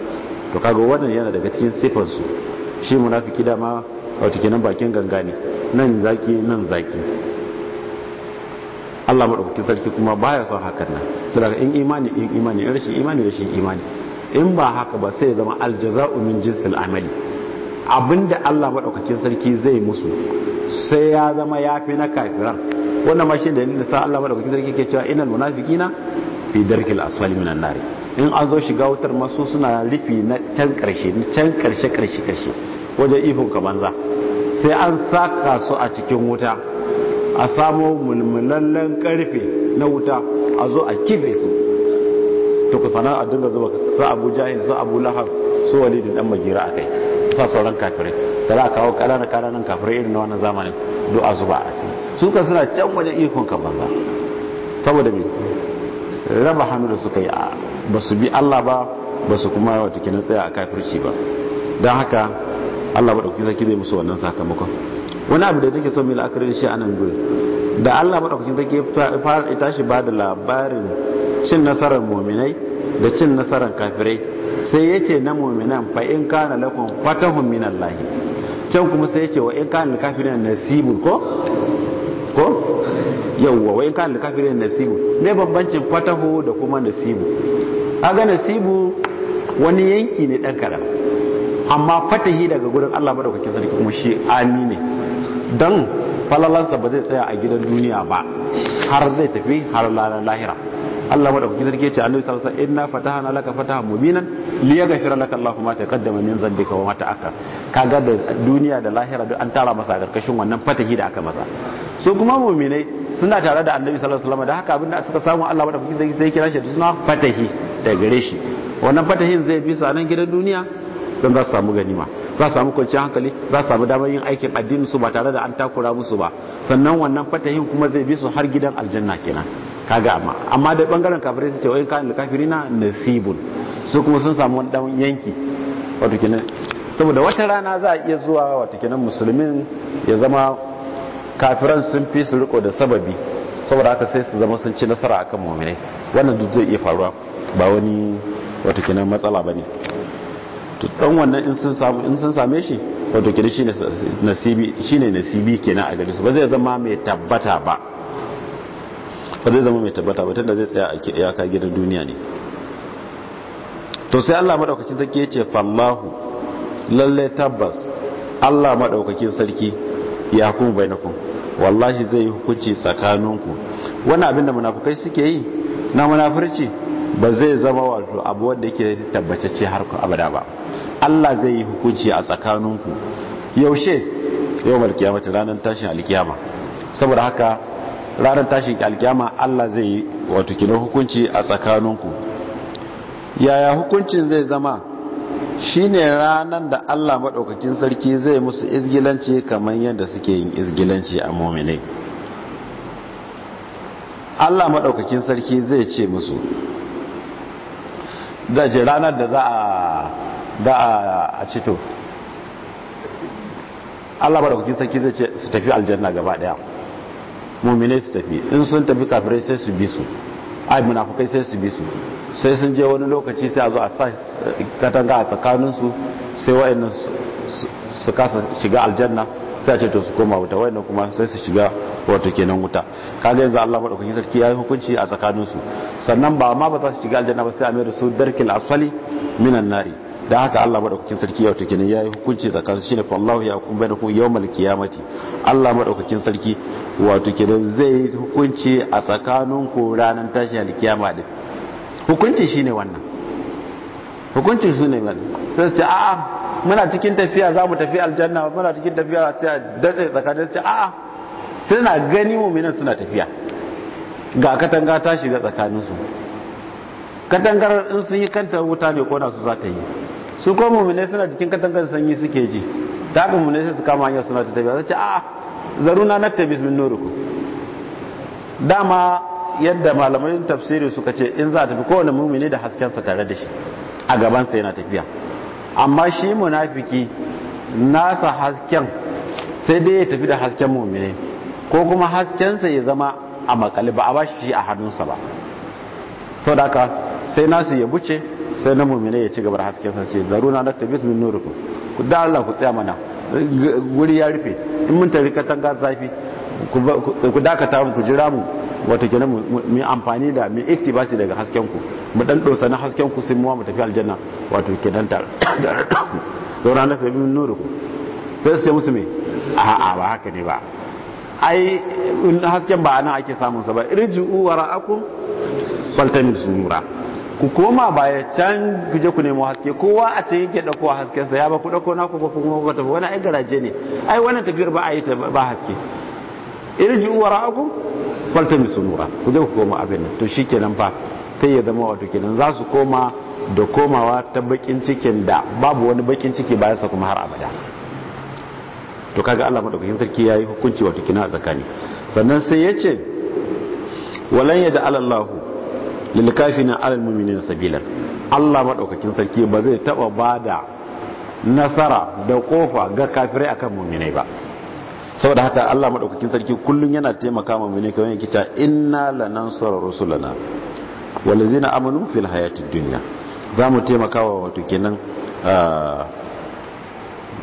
to kaga wannan yana daga cikin sifar su shi munafiki dama wato kenan bakin ganga ne nan zaki nan zaki Allah madaukakin sarki kuma baya son hakan nan saboda in imani in imani in rashin imani rashin imani in ba haka ba sai ya zama aljaza'u min jinsil amali abinda Allah madaukakin sarki zai musu sai ya zama yafi na kafiran wannan ma shi da sa Allah madaukakin sarki ke cewa innal munafiqina fi darkil asfali minan nar in an zo shiga wutar masu suna rufi na can karshe na can karshe karshe karshe wajen ihun ka sai an saka su a cikin wuta a samo mulmulallen karfe na wuta a zo a kife su to ku sana a dinga zuba su abu jahil su abu lahab su da dan magira a kai sa sauran kafirai da za a kawo ƙananan ƙananan kafirai irin na wannan zamanin do a zuba a ciki su ka suna can wajen ihun ka saboda me raba hannu da suka yi a ba su bi Allah ba ba su kuma wata na tsaya a kafirci ba don haka Allah maɗauki zaki zai musu wannan sakamakon wani abu da nake son mila la'akari da shi a nan guri da Allah maɗaukakin zaki fara ita shi ba da labarin cin nasarar mominai da cin nasarar kafirai sai ya ce na mominan fa in kana lakon fatahun min Allah can kuma sai ya ce wa in kana kafirin nasibun ko ko yawwa wa in kana kafirin nasibun me bambancin fatahu da kuma nasibu kaga nasibu wani yanki ne dan karam amma fatahi daga gurin Allah madaukakin sarki kuma shi amini don dan falalansa ba zai tsaya a gidan duniya ba har zai tafi har lahira Allah kuke zarge ce annabi sallallahu alaihi wasallam inna fatahana laka fatahan mubinan liyaghfira laka Allahu ma taqaddama min dhanbika wa ma ta'akkar kaga da duniya da lahira duk an tara masa karkashin wannan fatahi da aka masa so kuma mu'minai suna tare da annabi sallallahu alaihi wasallam da haka abinda suka samu Allah kuke zarge sai kira shi suna fatahi da gare shi wannan fatahin zai bi su a nan gidan duniya don za su samu ganima za su samu kwanciyar hankali za su samu damar yin aikin addinin su ba tare da an takura musu ba sannan wannan fatahin kuma zai bi su har gidan aljanna kenan kaga amma amma da bangaren kafirai su ce wai kan na nasibun su kuma sun samu wani dan yanki wato kenan saboda wata rana za a iya zuwa wato kenan musulmin ya zama kafiran sun fi su riko da sababi saboda haka sai su zama sun ci nasara akan mu'minai wannan duk zai iya faruwa ba wani wato kenan matsala bane to dan wannan in sun samu in sun same shi wato kenan shine nasibi shine nasibi kenan a gare su ba zai zama mai tabbata ba ba zai zama mai tabbata ba tunda zai tsaya a iyaka gidan duniya ne to sai Allah madaukakin sarki ya ce fallahu lalle tabbas Allah madaukakin sarki ya na bainakum wallahi zai hukunci tsakaninku wani abin da munafukai suke yi na munafurci ba zai zama wato abu wanda yake tabbatacce har ku abada ba Allah zai yi hukunci a tsakaninku yaushe yau malkiyama ranar tashin alkiyama saboda haka ranar tashin alkyama Allah zai yi wato kina hukunci a tsakaninku yaya hukuncin zai zama shi ne ranar da Allah maɗaukakin sarki zai musu izgilanci kamar yadda suke yin izgilanci a muminai Allah maɗaukakin sarki zai ce musu da ce ranar da za a cito Allah maɗaukakin sarki zai ce su tafi aljanna gaba ɗaya mu'minai su tafi in sun tafi kafirai sai su bi su ai munafukai sai su bi su sai sun je wani lokaci sai a zo a sa katanga a tsakaninsu sai wa'annan su kasa shiga aljanna sai a ce to su koma wuta wa'annan kuma sai su shiga wato kenan wuta kaga yanzu Allah madaukakin sarki yayi hukunci a tsakaninsu sannan ba ma ba za su shiga aljanna ba sai a mai da su darkil asfali minan nari da haka Allah madaukakin sarki wato kenan yayi hukunci tsakaninsu shine fa Allah ya hukum bainakum yawmal qiyamati Allah madaukakin sarki wato kenan zai hukunci a tsakaninku ranar tashin alkiyama din hukuncin shine wannan hukuncin su ne sai ce a'a muna cikin tafiya za mu tafi aljanna muna cikin tafiya sai a datse tsakanin sai a'a suna gani muminan suna tafiya ga katanga ta shiga tsakaninsu katangar in sun yi kanta wuta ne kona su za ta yi su ko mu'minai suna cikin katangar sanyi suke ji da haka mu'minai sai su kama hanyar suna ta tafiya sai ce a'a zaruna na tabi min nuruku dama yadda malamai tafsiri suka ce in za tafi kowane mumini da haskensa tare da shi a gabansa yana tafiya amma shi munafiki nasa hasken sai dai ya tafi da hasken mumini ko kuma haskensa ya zama a makale ba a ba shi a hannunsa ba sau da sai nasu ya buce sai na mumini ya ci gaba da haskensa ce zaruna naktabis min nuruku ku da Allah ku tsaya mana guri ya rufe in mun tari katanga zafi ku dakata mu ku jira mu wata kenan mu amfani da mu iktibasi daga hasken ku mu dan dosa na hasken ku sai mu mu tafi aljanna wato kenan ta zaura na sabi nuru sai sai musu me a'a ba haka ne ba ai hasken ba anan ake samun sa ba irji'u wara'akum faltamisu nura ku koma baya can ku je ku nemo haske kowa a can yake dauko hasken sa ya ba ku dauko na ku ba kuma ku tafi wani ai garaje ne ai wannan tafiyar ba a yi ta ba haske irji'u wara'akum faltamisu nura ku je ku koma abin nan to shikenan fa ta ya zama wato kenan za su koma da komawa ta bakin cikin da babu wani bakin ciki ya sa kuma har abada to kaga Allah madaukakin sarki yayi hukunci wato kina a tsakani sannan sai yace walan yaj'alallahu lilkafina alal mu'minin sabila Allah madaukakin sarki ba zai taba bada nasara da kofa ga kafirai akan mu'minai ba saboda haka Allah madaukakin sarki kullun yana taimaka mu mu'minai kamar yake ta inna lanansuru rusulana walazina amanu fil hayatid dunya zamu taimaka wa wato kenan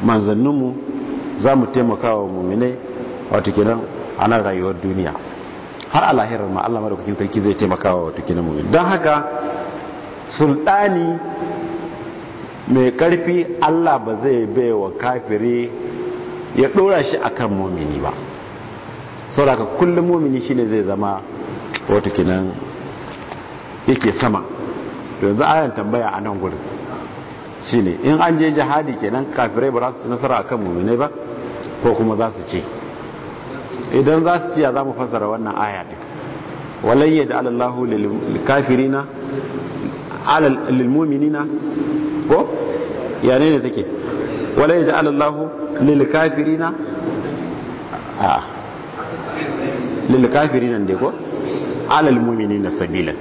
manzanninmu za taimaka wa mu'minai wato kenan a rayuwar duniya har a lahirar ma Allah madaukakin sarki zai taimaka wa wata kina mu'min don haka sultani mai karfi Allah ba zai bai wa kafiri ya ɗora shi a kan mumini ba sau da ka kullum mumini ne zai zama wata kinan yake sama yanzu ayan tambaya a nan shi ne in an je jihadi kenan kafirai ba za su nasara a kan mumini ba ko kuma za su ce idan za su ciya za mu fasara wannan aya ɗin walai yadda alallahu Allahu lil kafirina alal ko ya ne take walai yadda alallahu Allahu kafirina a lil ne ko alal sabila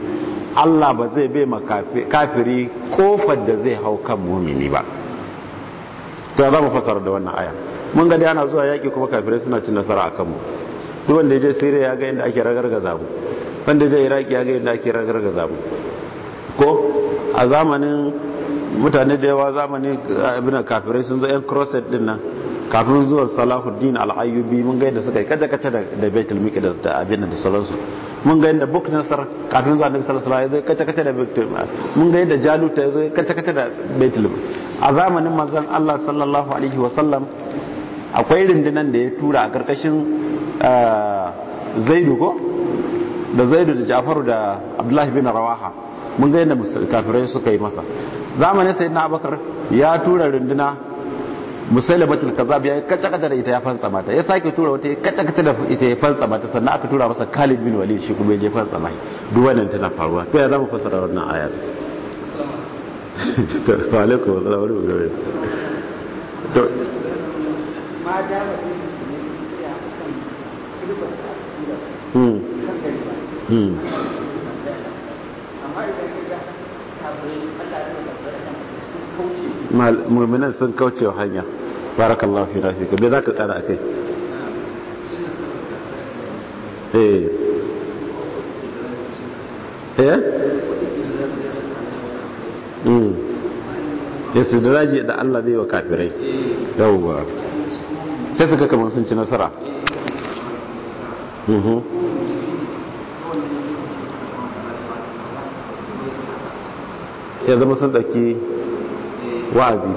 Allah ba zai bai kafiri kofar da zai hau kan mumini ba to za mu fasara da wannan aya mun ga ana zuwa yaƙi kuma kafirai suna cin nasara a kanmu duk wanda ya je siriya ya ga yadda ake ragargaza zamu wanda ya je iraki ya ga yadda ake ragargaza zamu ko a zamanin mutane da yawa zamanin eh, abin kafirai sun zo yan crosset din nan kafin zuwan salahuddin al'ayyubi mun ga yadda suka yi kaca kaca da baitul miqdis da abin da sauransu mun ga yadda buk nasar kafin zuwa annabi sallallahu alaihi wasallam kaca kaca da baitul eh, mun ga yadda jalut ya zo kaca kaca da baitul a zamanin manzon Allah sallallahu alaihi wasallam akwai rundunan da ya tura a karkashin eh, zaidu ko da zaidu da jafaru da abdullahi bin rawaha mun ga yadda kafirai suka yi masa zamanin sai na abakar ya tura runduna batul kazab ya kace kaca da ita ya fansa mata ya sake tura wata ya kace da ita ya fansa mata sannan aka tura masa Khalid bin Walid shi kuma ya je fansa mai duk wannan tana faruwa to ya zama fasara wannan aya <laughs> to wa alaikum to ma da ba zai musulmi ya kan kirbar da akida kan gari ba hmm. amma idan Allah ya tabbata kan kauce sun kauce wa hanya barakallahu fi bai kara eh eh hmm. da Allah zai wa kafirai eh. yawwa sai suka kamar sun ci nasara mhm. ya zama sun ɗaki wa'azi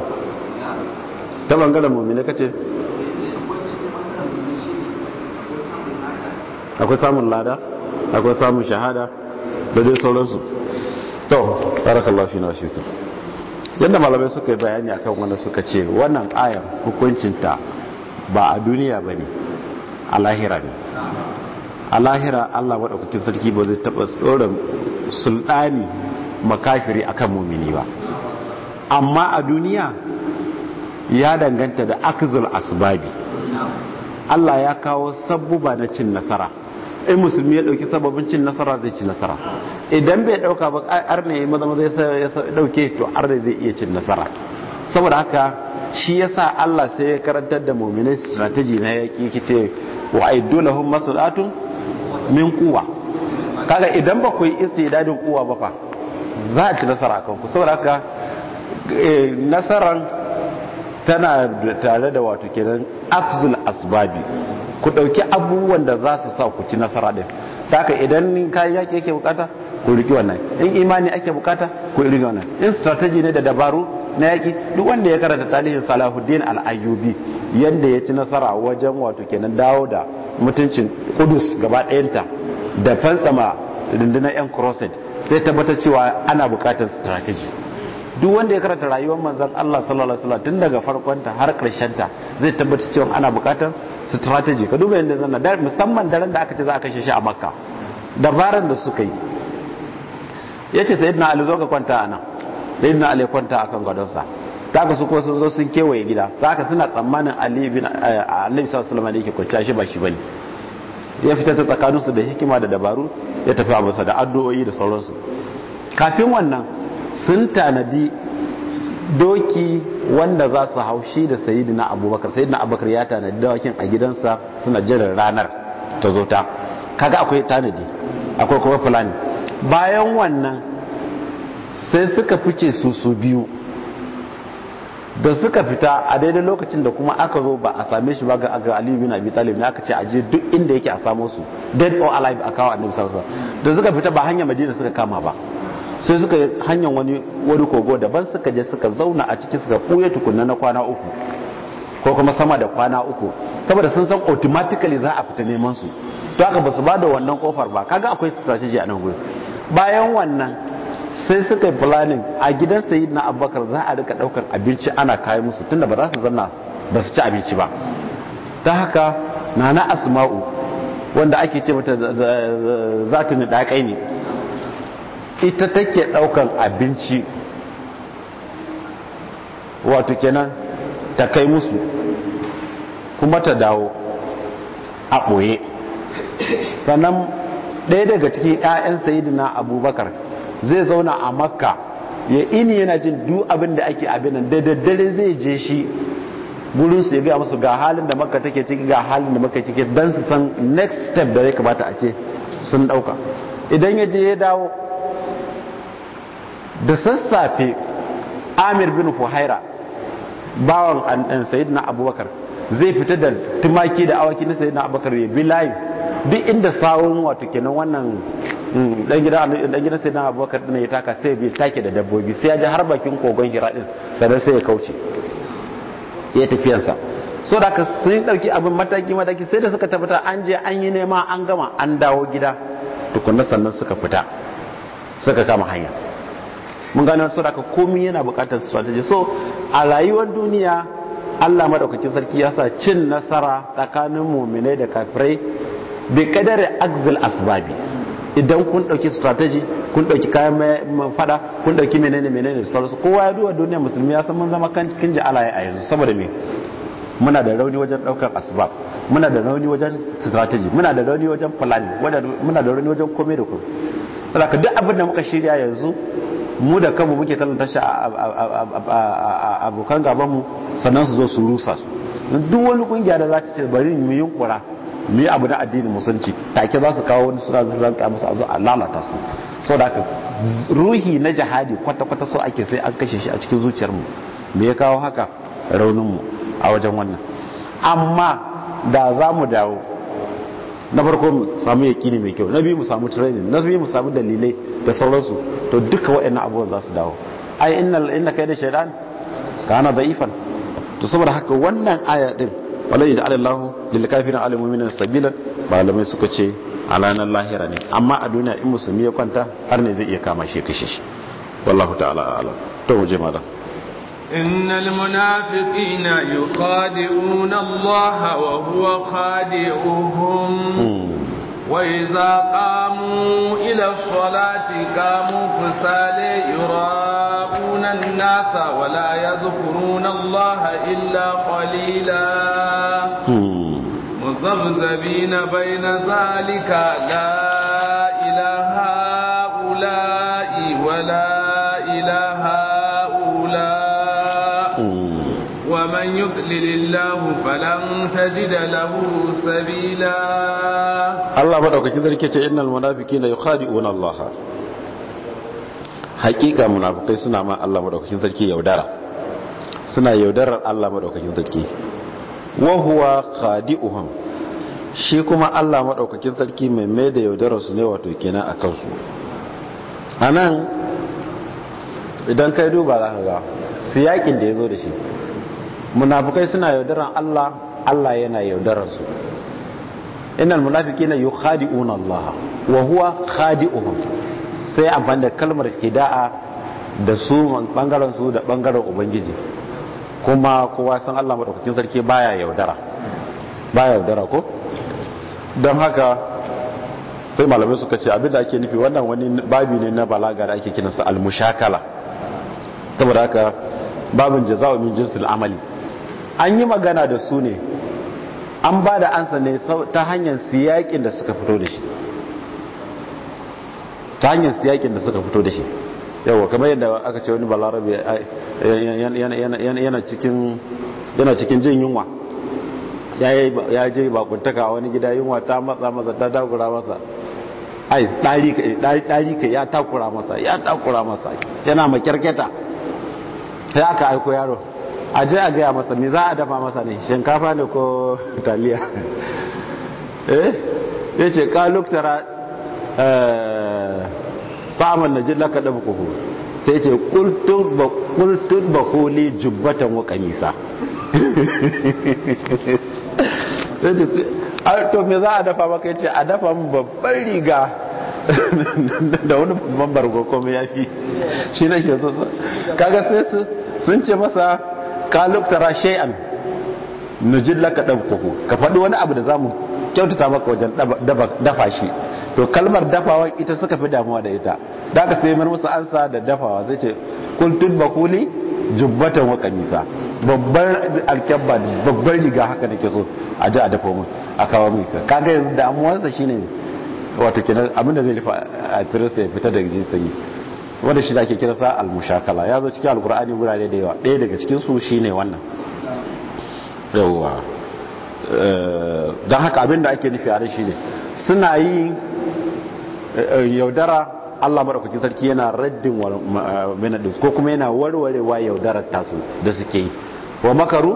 ta ɓangaren na kace akwai samun lada akwai samun shahada da dai sauransu to barakallahu fi na shekaru yadda malamai suka yi bayani akan wanda suka ce wannan ayar hukuncinta ba a duniya ba ne a lahira ne a lahira allah waɗaukacin sarki ba zai taɓa tsoron sulɗani makafiri akan mumini ba amma a duniya ya danganta da akizul asbabi allah ya kawo ba na cin nasara in musulmi ya ɗauki sababin cin nasara zai ci nasara idan bai ɗauka ba arne maza maza ya ɗauke to arne zai iya cin nasara saboda haka shi yasa Allah sai ya karantar da mu'minai strategy na yaki kice wa aiddu lahum masalatun min quwa kaga idan ba ku yi istidadin quwa ba fa za a ci nasara kan ku saboda haka eh, nasaran tana tare da wato kenan aksul asbabi ku dauki abubuwan da za su sa ku ci nasara din haka idan kayan yaki yake bukata ku riki wannan in imani ake bukata ku riki wannan in strategy ne da dabaru na yaki duk wanda ya karanta tarihin Salahuddin al-Ayyubi yanda ya ci nasara wajen wato kenan dawo da mutuncin Kudus gaba ɗayanta da fansama rundunar yan crusade zai tabbatar cewa ana bukatar strategy duk wanda ya karanta rayuwar manzan Allah sallallahu alaihi wasallam tun daga farkonta har karshen ta zai tabbatar cewa ana bukatar strategy ka duba yanda zanna musamman daren da aka ce za a kashe shi a Makka dabaran da suka yi yace sayyidina Ali zo ka kwanta anan sai na ali kwanta akan gadonsa ta ka su kuma sun zo sun kewaye gida ta ka suna tsammanin ali bin eh, annabi sallallahu alaihi yake kwanciya shi ba shi ya fita ta tsakaninsu da hikima da dabaru ya tafi a sa da addu'o'i da sauransu kafin wannan sun tanadi doki wanda za su haushi da sayidina abubakar sayidina abubakar ya tanadi dawakin a gidansa suna jiran ranar ta zo ta kaga akwai tanadi akwai kuma fulani bayan wannan sai suka fice su su biyu da suka fita a daidai lokacin da kuma aka zo ba a same shi ba ga aliyu bin abi talib ne aka ce aje duk inda yake a samo su dead or alive a kawo annabi sallallahu da suka fita ba hanyar madina suka kama ba sai suka hanyar wani wani kogo daban suka je suka zauna a ciki suka kuya tukunna na kwana uku ko kuma sama da kwana uku saboda sun san automatically za a fita neman su to haka ba su ba da wannan kofar ba kaga akwai strategy a nan gurin bayan wannan sai suka yi planning a gidan sayi na abubakar za a rika daukar abinci ana kayan musu tunda ba za su zanna ba su ci abinci ba ta haka nana asma'u wanda ake ce mata za ta ni dakai ne ita take daukan abinci wato kenan ta kai musu kuma ta dawo a ɓoye sannan ɗaya daga cikin 'ya'yan na abubakar zai zauna a makka ya ini yana jin du abin da ake abin nan da daddare zai je shi gurin su ya gaya musu ga halin da makka take ciki ga halin da makka ciki don su san next step da ya kamata a ce sun dauka idan ya je ya dawo da sassafe amir bin fuhaira bawan an na abubakar zai fita da tumaki da awaki na abubakar ya bi layi duk inda sawun wato kenan wannan dan gida dan gida sai na abubakar din ya taka sai bi take da dabbobi sai ya ji har bakin kogon hira din sannan sai ya kauce ya tafiyarsa so da ka sun dauki abin mataki mataki sai da suka tabbata an je an yi nema an gama an dawo gida tukunna sannan suka fita suka kama hanya mun gane so da ka komai yana bukatar strategy so a rayuwar duniya Allah madaukakin sarki ya sa cin nasara tsakanin muminai da kafirai bi kadari axil asbabi idan kun dauki strategy kun dauki kayan fada kun dauki menene menene sauransu kowa ya duba duniyar musulmi ya san mun zama kan ji alaye a yanzu saboda me muna da rauni wajen daukar asbab muna da rauni wajen strategy muna da rauni wajen plan muna da rauni wajen komai da komai saboda duk abin da muka shirya yanzu mu da kanmu muke tallata shi a abokan gabanmu sannan su zo su rusa su duk wani kungiya da za ta ce bari mu yunkura mu abu na addinin musulunci take za su kawo wani suna zanka musu a zo a lalata su sau da haka ruhi na jihadi kwata-kwata so ake sai an kashe shi a cikin zuciyarmu me ya kawo haka rauninmu a wajen wannan amma da za mu dawo na farko mu samu yakini mai kyau na biyu mu samu training na biyu mu samu dalilai da sauransu to duka waɗannan abubuwan za su dawo ai inna kai da shaidan kana da'ifan to saboda haka wannan aya din wala yaj'al alallahu lil kafirin Ali muminin sabila malamai suka ce a ranar lahira ne amma a duniya in musulmi ya kwanta har ne zai iya kama shi kashe shi wallahu ta'ala a'lam to mu je malam إن المنافقين يخادعون الله وهو خادعهم وإذا قاموا إلى الصلاة قاموا فسالي يراءون الناس ولا يذكرون الله إلا قليلا مذبذبين بين ذلك لا إله الله فلن تجد له سبيلا الله مدوكي ذلك ان المنافقين يخادعون الله حقيقه منافقai suna ma Allah madaukakin sarki يودارا suna yaudarar الله madaukakin sarki wa huwa khadi'uhum shi kuma Allah madaukakin sarki mai mai da yaudarar su ne wato kenan a kansu anan idan kai duba za ka ga siyakin da ya zo da shi munafukai suna yaudarar Allah Allah yana yaudaran su innal munafiqina yukhadi'una Allah wa huwa khadi'uhum sai amfani da kalmar hida'a da su bangaren su da bangaren ubangiji kuma kowa san Allah madaukakin sarki baya yaudara baya yaudara ko don haka sai malamai suka ce abinda ake nufi wannan wani babi ne na balaga da ake kinansa al-mushakala saboda haka babin jaza'u min jinsil amali an yi magana da su ne an ba da ansa ne ta hanyar siyakin da suka fito da shi ta hanyar siyakin da suka fito da shi yawa kamar yadda aka ce wani balarabe yana cikin jin yunwa ya je bakuntaka wani gida yunwa ta matsa masa ta dagura masa ai dari ka ya takura masa ya takura masa yana makyarketa ya aka aiko yaro a je a gaya masa me za a dafa masa ne shinkafa ne ko taliya <laughs> eh ya ce kaluk tara fa'aman eh, na jin ka ɗafi kuhu sai ce kultun ba huli jubbatan wa kamisa <laughs> to me za a dafa maka ya ce a dafa mu babban riga <laughs> da wani babban bargo kome ya fi shi na ke kaga sai sun ce masa kaluk tara shay'an nujil laka ka faɗi wani abu da zamu kyautata maka wajen dafa shi to kalmar dafawa ita suka fi damuwa da ita da aka sai musu ansa da dafawa zai ce kul tudbakuli jubbatan wa kamisa babbar alkabba babbar riga haka nake so a ji a dafa mu a kawo mu sai kaga yanzu sa shine wato kenan abinda zai rufa a tirsa ya fita daga jin sanyi wanda shi da ake kirasa al-mushakala ya zo cikin alkur'ani wurare da yawa ɗaya daga cikin su shine wannan yawa eh, don haka abinda ake nufi a rashi ne suna yi eh, yaudara Allah maɗaukakin sarki yana raddin minadin eh, ko kuma yana warwarewa yaudarar tasu da suke yi wa makaru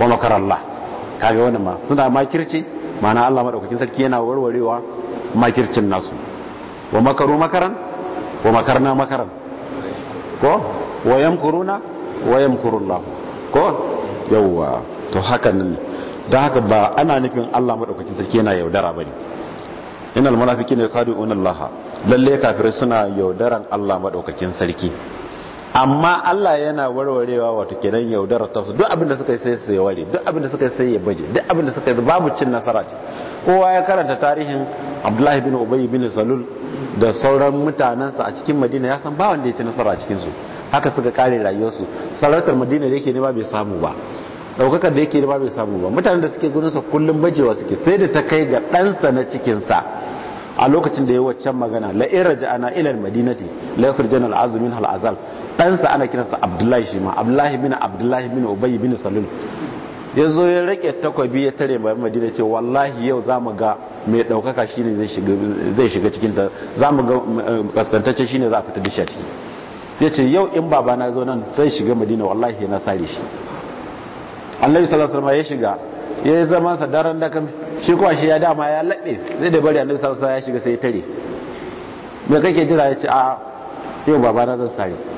wa makarallah kaga wani ma suna makirci maana Allah maɗaukakin sarki yana warwarewa makircin nasu wa makaru makaran wa makarna makaran ko wa yamkuruna wa yamkurullahu ko yawwa to nan haka ba ana nufin Allah madaukakin sarki yana yaudara bane innal munafiqina yakaduna Allah lalle kafir suna yaudaran Allah madaukakin sarki amma Allah yana warwarewa wato kenan yaudara ta duk abin da suka yi sai ya ware duk abin da suka yi sai ya baje duk abin da suka yi babu cin nasara ce kowa ya karanta tarihin Abdullahi bin Ubay bin Salul da sauran mutanensa a cikin madina ya san ba wanda ya ci nasara a cikinsu haka suka kare rayuwarsu sarautar madina da yake nema bai samu ba daukakar da yake nema bai samu ba mutanen da suke gudunsa kullum bajewa suke sai da ta kai ga ɗansa na cikinsa a lokacin da ya waccan magana la iraja ana ilal madinati la yukhrijana al-azm ɗansa ana kiransa abdullahi shi ma abdullahi bin abdullahi bin ubay bin salul ya zo ya rike takwabi ya tare bayan madina ce wallahi yau za mu ga mai ɗaukaka shi ne zai shiga cikin ta za mu ga eh, kaskantacce shi ne za a fita disha ciki ya ce yau in baba na zo nan zai shiga madina wallahi na sare shi annabi sallallahu alaihi ya shiga ya yi zaman sa daren da kan shi kuwa shi ya dama ya laɓe zai da bari annabi sallallahu ya shiga sai ya tare me kake jira ya ce a yau baba na zan sare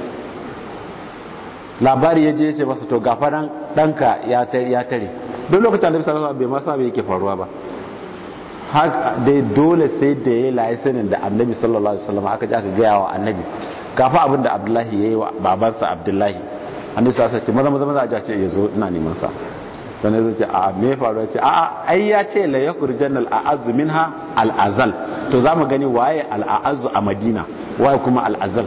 labari ya je ce masa to gafaran ɗanka danka ya tare ya tare duk lokacin da sallallahu alaihi bai masa bai yake faruwa ba haka dai dole sai da ya layi sanin da annabi sallallahu alaihi wasallam aka ji aka gaya wa annabi gafa abin da abdullahi ya yi wa babansa abdullahi annabi sallallahu alaihi wasallam maza maza maza a ce ya zo ina neman sa dan ya ce a me faru ya ce a ai ya ce la yakhrujanna al a'azzu minha al azal to za mu gani waye al a'azzu a madina waye kuma al azal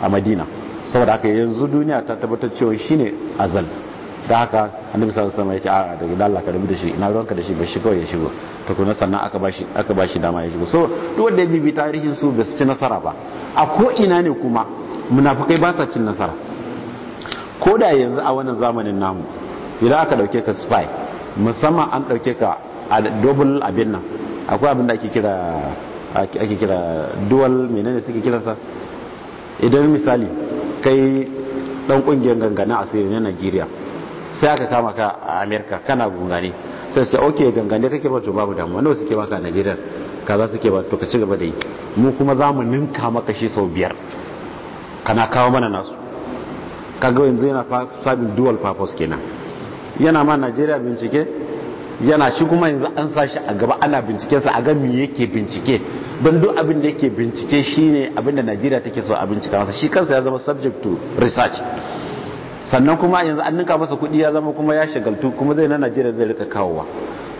a madina saboda haka yanzu duniya ta tabbatar cewa shine azal da haka annabi sallallahu alaihi wasallam ya ce a daga Allah ka rabu da shi ina ruwanka da shi ba shi kawai ya shigo to kuma sannan aka bashi aka dama ya shigo so duk wanda ya bibi tarihin su ba su ci nasara ba a ko ina ne kuma munafikai ba sa cin nasara ko da yanzu a wannan zamanin namu idan aka dauke ka spy musamman an dauke ka a double abin nan akwai abin da ake kira ake kira dual menene suke kiransa idan misali kai dan kungiyar gangana sirri na Najeriya sai aka kama ka a amerika kana gungane sai sai okay gangane kake ba to babu damuwa nawa suke baka a Najeriya za su ba to ka ci gaba da yi mu kuma za mu ninka maka shi sau biyar kana kawo mana nasu kaga yanzu yana sabin dual purpose kenan yana ma Najeriya bincike yana shi kuma yanzu an sa shi a gaba ana bincikensa a ga me yake bincike don duk abin da yake bincike shine abin da Najeriya take so a bincika masa shi kansa ya zama subject to research sannan kuma yanzu an ninka masa kuɗi ya zama kuma ya shagaltu kuma zai na Najeriya zai rika kawowa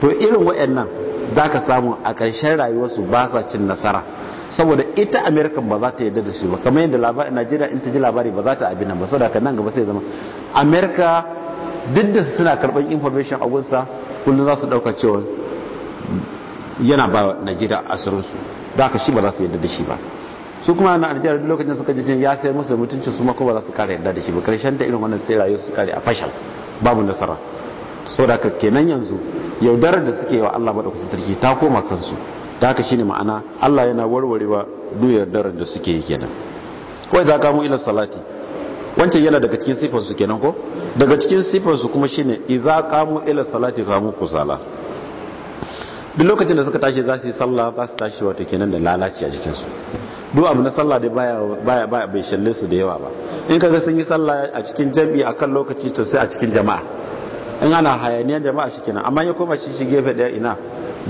to irin waɗannan zaka samu a ƙarshen rayuwarsu ba sa cin nasara saboda ita america ba za ta yarda da shi ba kamar yadda labarin najeriya in ta ji labari ba za ta abin nan ba saboda nan gaba sai zama america duk da suna karban information a gunsa kullum za su dauka cewa yana ba na a asirinsu da aka shi ba za su yadda da shi ba su kuma na najeriya duk lokacin suka jijin ya sai musu mutuncin su makon ba za su kare yadda da shi ba karshen da irin wannan sai rayu su kare a fashal babu nasara sau da kenan yanzu yaudarar da suke wa allah maɗaukacin sarki ta koma kansu aka haka shine ma'ana allah yana warwarewa duk yaudarar da suke yi kenan kawai za ka mu ila salati wancan yana daga cikin sifarsu kenan ko daga cikin sifarsu kuma shine iza qamu ila salati qamu kusala duk lokacin da suka tashi za su yi sallah za su tashi wato kenan da lalaci a jikinsu duk abu na sallah da baya baya bai shalle su da yawa ba in kaga sun yi sallah a cikin jam'i akan lokaci to sai a cikin jama'a in ana hayaniyar jama'a shi kenan amma ya koma shi shi gefe daya ina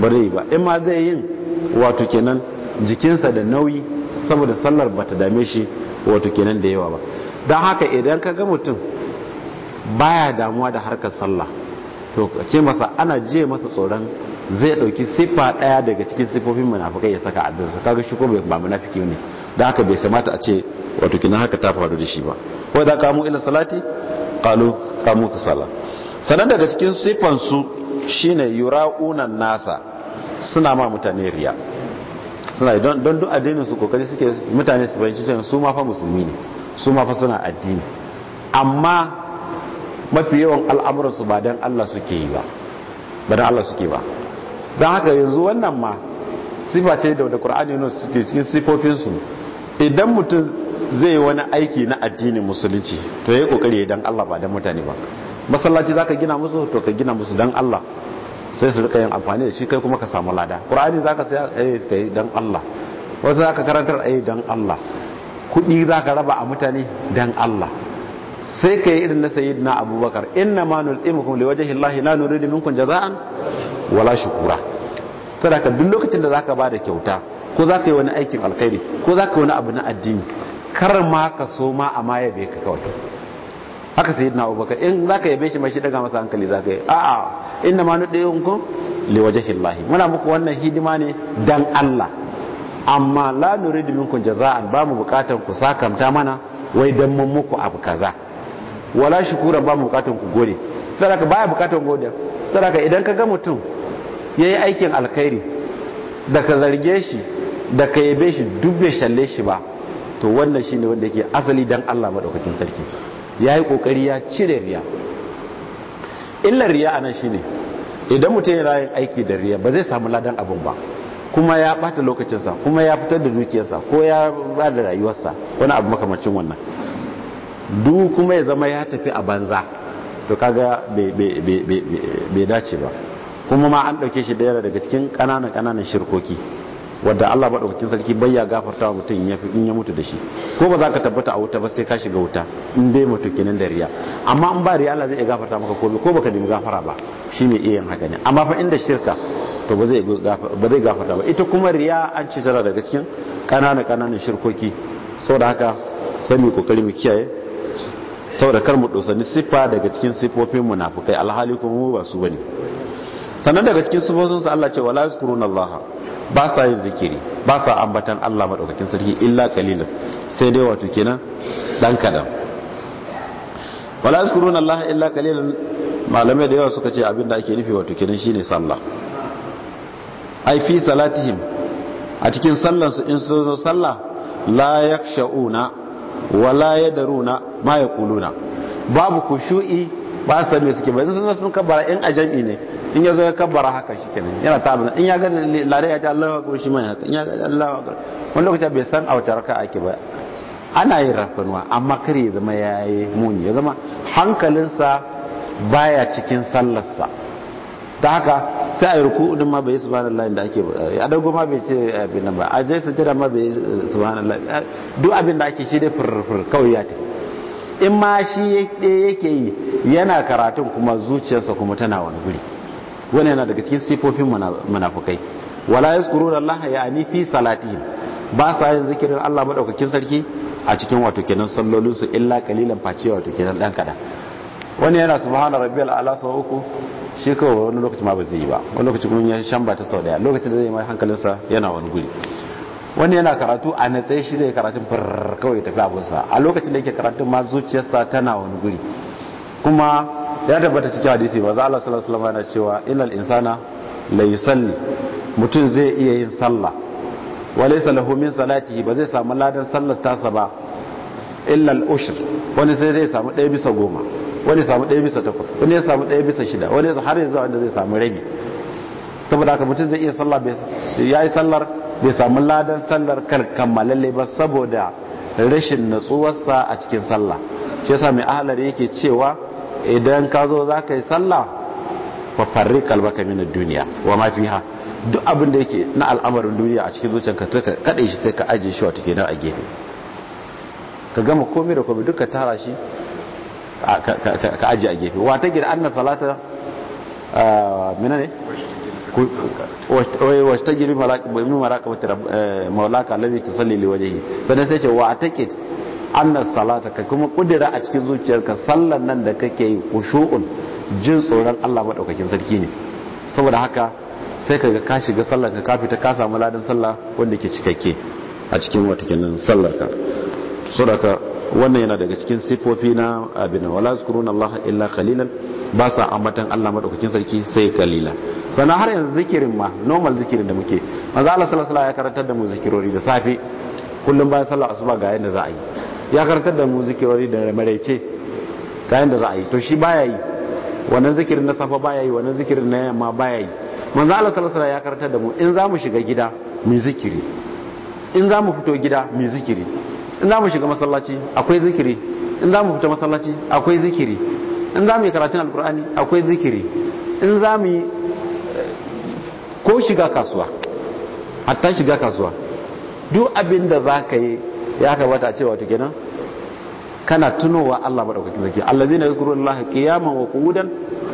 bari ba in ma zai yin wato kenan jikinsa da nauyi saboda sallar bata dame shi wato kenan da yawa ba don haka idan ka ga mutum baya damuwa da harkar sallah to ce masa ana je masa tsoron zai dauki siffa daya daga cikin siffofin munafikai ya saka abin sa kaga shi ko ba munafiki ne da haka bai kamata a ce wato kina haka ta faru da shi ba ko da kamu ila salati qalu kamu ka sala sanan daga cikin siffan su shine yura'una nasa suna ma mutane riya suna don don duk addinin su kokari suke mutane su fahimci su ma fa musulmi ne su ma fa suna addini amma mafi yawan al'amuransu ba don Allah suke yi ba ba don Allah suke ba don haka yanzu wannan ma sifa ce da wadda ƙura'ani yana suke cikin sifofinsu idan mutum zai wani aiki na addinin musulunci to ya yi ƙoƙari don Allah ba don mutane ba masallaci za ka gina musu to ka gina musu don Allah sai su rika yin amfani da shi kai kuma ka samu lada ƙura'ani za ka sai eh, ka yi don Allah wasu za ka karantar a yi eh, don Allah kuɗi za ka raba a mutane don Allah sai ka yi irin na sayi na abubakar inna ma nulɗimukum li wajen hillahi nuri da minkun jaza'an wala shukura ka duk lokacin da za ka ba da kyauta ko za ka yi wani aikin alkhairi ko za ka yi wani abu na addini kar ma ka so ma a maye bai ka kawai haka sayi na abubakar in ka yabe shi mai shi daga masa hankali ka yi a'a inna ma nulɗimukum li wajen hillahi muna muku wannan hidima ne dan Allah amma la nuridu minkum jaza'an ba mu bukatan ku sakamta mana wai dan mun muku abu kaza wala shukura ba mu bukatan ku gode sadaka baya bukatan gode sadaka idan ka ga mutum yayi aikin alkhairi da ka zarge shi da ka yabe shi duk bai shalle shi ba to wannan shine wanda yake asali dan Allah madaukakin sarki yayi kokari ya cire riya illa riya anan shine idan mutum yana yin aiki da riya ba zai samu ladan abun ba kuma ya bata lokacinsa kuma ya fitar da dukiyarsa ko ya ba da rayuwarsa wani abu makamacin wannan du kuma ya zama ya tafi a banza to kaga bai dace ba kuma ma an dauke shi da daga cikin kananan kananan shirkoki wadda Allah madaukakin sarki bayya gafarta mutum in ya mutu da shi ko ba za ka tabbata a wuta ba sai ka shiga wuta in dai mutu kenan da riya amma in ba riya Allah zai iya gafarta maka komai ko baka nemi gafara ba shi ne iya yin haka ne amma fa inda shirka to ba zai gafarta ba ita kuma riya an ce tana daga cikin ƙananan ƙananan shirkoki saboda haka sai mu kokari mu kiyaye saboda kar mu ni siffa daga cikin siffofin munafikai alhali kuma mu ba su bane sannan daga cikin siffofin Allah ce wala yazkuruna Allah ba sa yin zikiri ba sa ambatan Allah madaukakin sarki illa kalilan sai dai wato kenan dan kadan wala yazkuruna Allah illa kalilan malamai da yawa suka ce abinda ake nufi wato kenan shine sallah ai fi salatihim a cikin sallansu in sun zo sallah la yaksha'una wa la yadruna ma yaquluna babu kushu'i ba sa me suke ba sun sun kabara in ajami ne in ya zo ya kabbara haka shi kenan yana ta abin in ya ga lare ya ce Allahu akbar shi mai haka in ya ga Allahu akbar wani lokacin bai san a wace raka ake ba ana yin rafanuwa amma kare ya zama ya yi muni ya zama hankalinsa baya cikin sallarsa ta haka sai a yi ruku udin ma bai yi subhanallah da ake a dago ma bai ce abin ba a je sajada ma bai yi subhanallah duk abin da ake shi dai furfur kawai ya in ma shi yake yi yana karatun kuma zuciyarsa kuma tana wani guri wani yana daga cikin sifofin munafukai wala yazkuruna Allah ya'ni fi salatihim ba sa yin zikirin Allah madaukakin sarki a cikin wato kenan sallolin su illa qalilan face wato kenan dan kada wani yana subhana rabbiyal ala sau uku shi kawai wani lokaci ma ba zai yi ba wani lokaci kuma ya shamba ta sau daya lokacin da zai mai sa yana wani guri wani yana karatu a natsaye shi zai karatun far kawai tafi abunsa a lokacin da yake karatun ma zuciyarsa tana wani guri kuma ya tabbata cikin hadisi za Allah sallallahu alaihi wasallam yana cewa illal insana la yusalli mutum zai iya yin sallah wa laysa lahu min salatihi ba zai samu ladan sallar tasa ba illal ushr wani sai zai samu 1 bisa goma wani samu 1 bisa takwas wani ya samu 1 bisa shida wani har yanzu wanda zai samu rabi saboda haka mutum zai iya sallah bai yayi sallar bai samu ladan sallar kammalalle ba saboda rashin natsuwarsa a cikin sallah shi yasa mai ahalar yake cewa idan ka zo za ka yi sallah fafarri kalbaka minar duniya wa mafi ha duk abin da yake na al'amarin duniya a cikin zuciyarka ka tuka kaɗe shi sai ka ajiye shi wato kenan a gefe ka gama komi da duk ka tara shi ka ajiye a gefe wata gida anna salata mina ne wa tajri malaka ibn malaka ta eh, sallili wajehi sannan sai ce wa ataqid annas salata ka kuma kudura a cikin zuciyarka sallan nan da kake yi kushu'un jin tsoron Allah madaukakin sarki ne saboda haka sai ga ka shiga sallar ka kafi ta ka samu ladan sallah wanda ke cikakke a cikin watakin sallar ka saboda wannan yana daga cikin sifofi na abin wala zkuruna Allah illa qalilan ba sa ambatan Allah madaukakin sarki sai kalila Sana har yanzu zikirin ma normal zikirin da muke manzo Allah sallallahu alaihi ya karantar da mu zikirori da safe kullum bayan sallar asuba ga yadda za a yi ya karantar da mu zikirori da maraice ta yadda za a yi to shi baya yi wannan zikirin na safa baya yi wannan zikirin na yamma baya yi manzo Allah sallallahu alaihi ya karantar da mu in za mu shiga gida mu zikiri in za mu fito gida mu zikiri in za mu shiga masallaci akwai zikiri in za mu fita masallaci akwai zikiri in za mu yi karatun alkur'ani akwai zikiri in za mu yi eh, ko shiga kasuwa hatta shiga kasuwa duk abin da za ka yi ya kamata a ce wato kenan kana tunowa Allah madaukakin zaki allazina Allah qiyaman wa qu'udan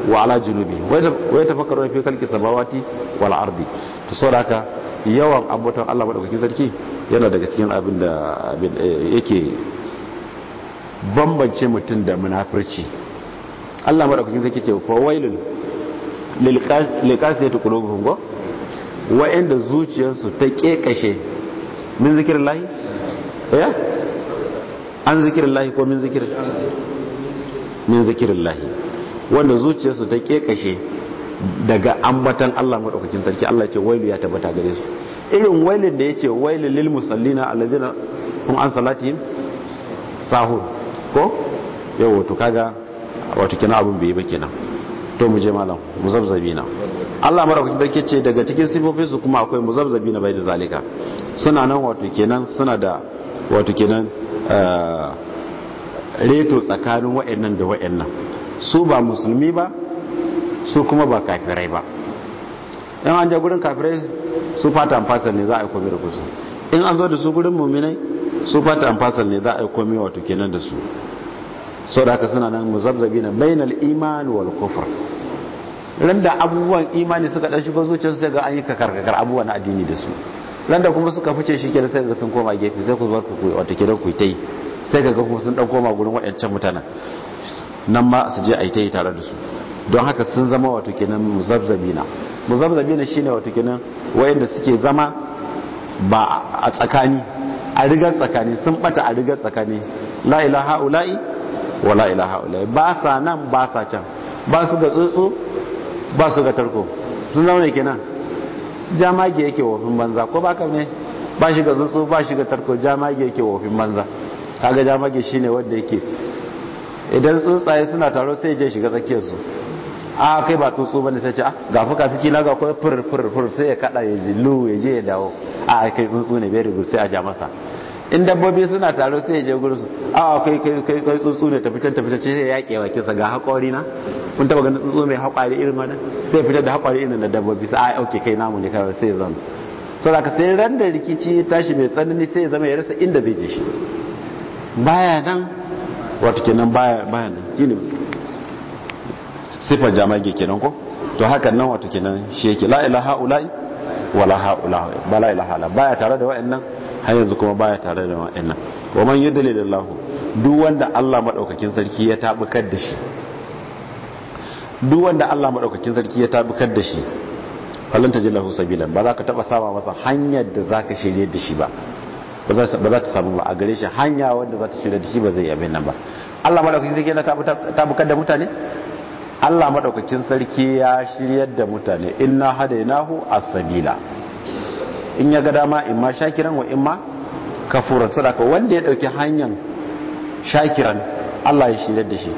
wa ala junubi wa yatafakkaruna fi kalki samawati wal ardi to saboda yawan ambaton Allah madaukakin zaki yana daga cikin abin da eh, yake bambance mutum da munafirci Allah madaukakin zaki ce fa wailul lil qasiyati qulubuhum wa inda zuciyarsu ta kekashe min zikrillahi ya eh? an zikirin lahi ko min zikirin min zikirin lahi wanda zuciyarsu ta kekashe daga ambatan Allah madaukakin sarki Allah ce wailu ya tabbata gare su irin wailin da yace wailu lil musallina alladhina hum an salatihim sahur ko yawo to kaga wato kina abun bai ba kenan to mu je malam muzabzabina Allah madaukakin sarki ce daga cikin sifofin su kuma akwai muzabzabina bai da zalika suna nan wato kenan suna da wato kenan ah, reto tsakanin wa'annan da wa'annan su ba musulmi ba su kuma ba kafirai ba yan an je kafirai su fata amfasar ne za a yi komi da kusa in an zo da su gudun muminai su fata amfasar ne za a yi komi wato da su sau da aka suna nan zabzabi na bainal iman wal kufur randa abubuwan imani suka ɗan shiga zuciyarsu sai ga an yi kakar kakar abubuwan addini da su nan da kuma suka fice shi kenan sai ga sun koma gefe sai ku bar ku wato kenan ku tai sai ga kuma sun dan koma gurin wayancan mutanen nan ma su je a yi ta yi tare da su don haka sun zama wato kenan muzabzabina muzabzabina shine wato kenan wayanda suke zama ba a tsakani a rigar tsakani sun bata a rigar tsakani la ilaha ula'i wa la ilaha ula'i ba sa nan ba sa can ba su ga tsotso ba su ga tarko sun zama ne kenan jamage yake wofin banza ko baka ne ba shi ga tsuntsu ba shi ga tarko jamage yake wofin banza kaga jamage shine wanda yake idan tsuntsaye suna taro sai je shiga tsakiyar su a kai ba tsuntsu bane sai ce ah, ga fuka fiki na ga kuma fur fur fur sai ya kada ya ji lu ya je ya dawo a kai tsuntsu ne bai rubu sai a ja masa in dabbobi suna taro sai ya je gurin su a kai kai kai tsuntsu ne tafi can tafi can sai ya kewa bakin sa ga haƙori na kun taba ganin tsuntsu mai haƙwari irin wannan sai fitar da haƙwari irin da dabbobi sai a ok kai namu ne kawai sai zan saboda ka sai ran da rikici tashi mai tsanani sai ya zama ya rasa inda zai je shi baya nan wato kenan baya baya nan shine sifar jama'a kenan ko to hakan nan wato kenan shi yake la ilaha ula'i wala haula bala ilaha la baya tare da wa'annan har yanzu kuma baya tare da wa'annan wa man yudlil Allah duk wanda Allah madaukakin sarki ya tabukar da shi duk wanda Allah madaukakin sarki ya tabukar da shi falan hu sabilan ba za ka taba saba masa hanyar da za ka shirye da shi ba ba za ta samu ba a gare shi hanya wanda za ta shirye da shi ba zai yabe nan ba Allah madaukakin sarki ya tabukar da mutane Allah madaukakin sarki ya shiryar da mutane inna hadainahu as-sabila in ya ga dama in ma shakiran wa in ma kafura sadaka wanda ya dauki hanyar shakiran Allah ya shirya da shi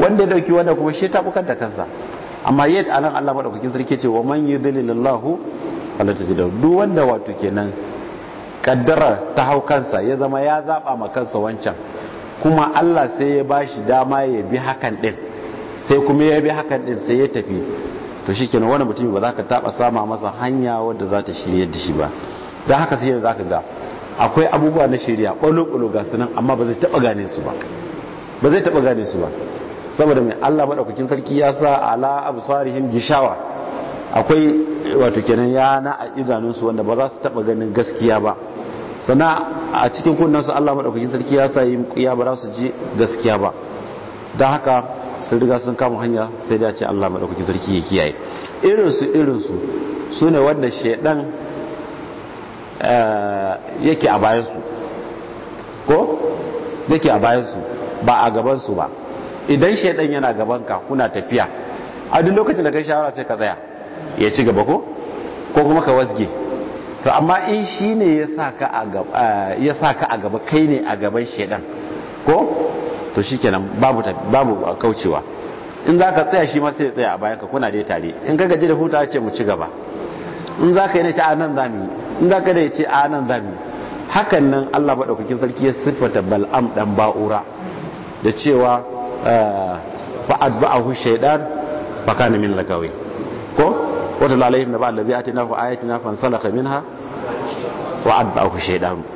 wanda ya dauki wanda kuma shi ta bukar da kansa amma yadda anan Allah madaukakin sarki ce wa man yudlilillahu wala tajidu duk wanda wato kenan kaddara ta hau kansa ya zama ya zaba ma kansa wancan kuma Allah sai ya bashi dama ya bi hakan ɗin. sai kuma ya bi hakan ɗin sai ya tafi to kenan wani mutum ba za ka taba sama masa hanya wadda za ta shirya da shi ba don haka sai za ka ga akwai abubuwa na shirya ɓalo-ɓalo ga sunan amma ba zai taɓa gane su ba ba zai taɓa gane su ba saboda mai allah maɗaukakin sarki ya sa ala abu sarihin gishawa akwai wato kenan yana a idanunsu wanda ba za su taɓa ganin gaskiya ba sana a cikin kunnansu allah maɗaukakin sarki ya sa yi ya ba za su ji gaskiya ba don haka sun riga sun kama hanya sai da ce Allah madaukaki sarki ya kiyaye irinsu irinsu su ne wanda shaidan eh, yake a bayansu ko yake a bayansu ba a gabansu ba idan shaidan yana gabanka kuna tafiya a duk lokacin da kai shawara sai ka tsaya ya ci gaba ko ko kuma ka wasge to amma in shi ne ya sa ka a gaba eh, kai ne a gaban shaidan ko to kenan babu babu kaucewa in za ka tsaya shi ma sai tsaya a bayan ka kuna dai tare in ka gaji da huta ce mu ci gaba in za ka yi na ce a nan za mu yi in za ka da ya ce a nan za mu yi hakan nan Allah maɗaukakin sarki ya siffata bal'am ɗan ba'ura da cewa ah, fa'ad ba'ahu shaidan fa kana min lagawi ko wata lalaihim na ba'al ladzi atina fa ayatina fa salaka minha fa'ad ba'ahu shaidan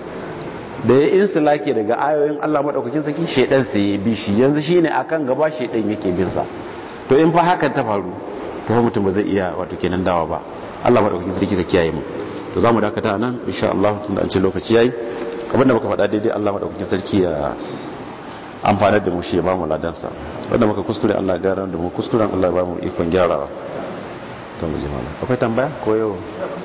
da ya insilake daga ayoyin Allah maɗaukacin sarki shaidan sai ya bi shi yanzu shi ne a kan gaba shaidan yake bin sa to in fa hakan ta faru to mutum ba zai iya wato kenan dawa ba Allah maɗaukacin sarki ka kiyaye mu to za mu dakata nan insha Allah tun da an ce lokaci yayi kamar da muka faɗa daidai Allah maɗaukacin sarki ya amfana da mu shi ya ba mu ladansa wanda muka kuskure Allah gara da mu kuskuren Allah ya ba mu ikon gyarawa to mu ji akwai tambaya ko yau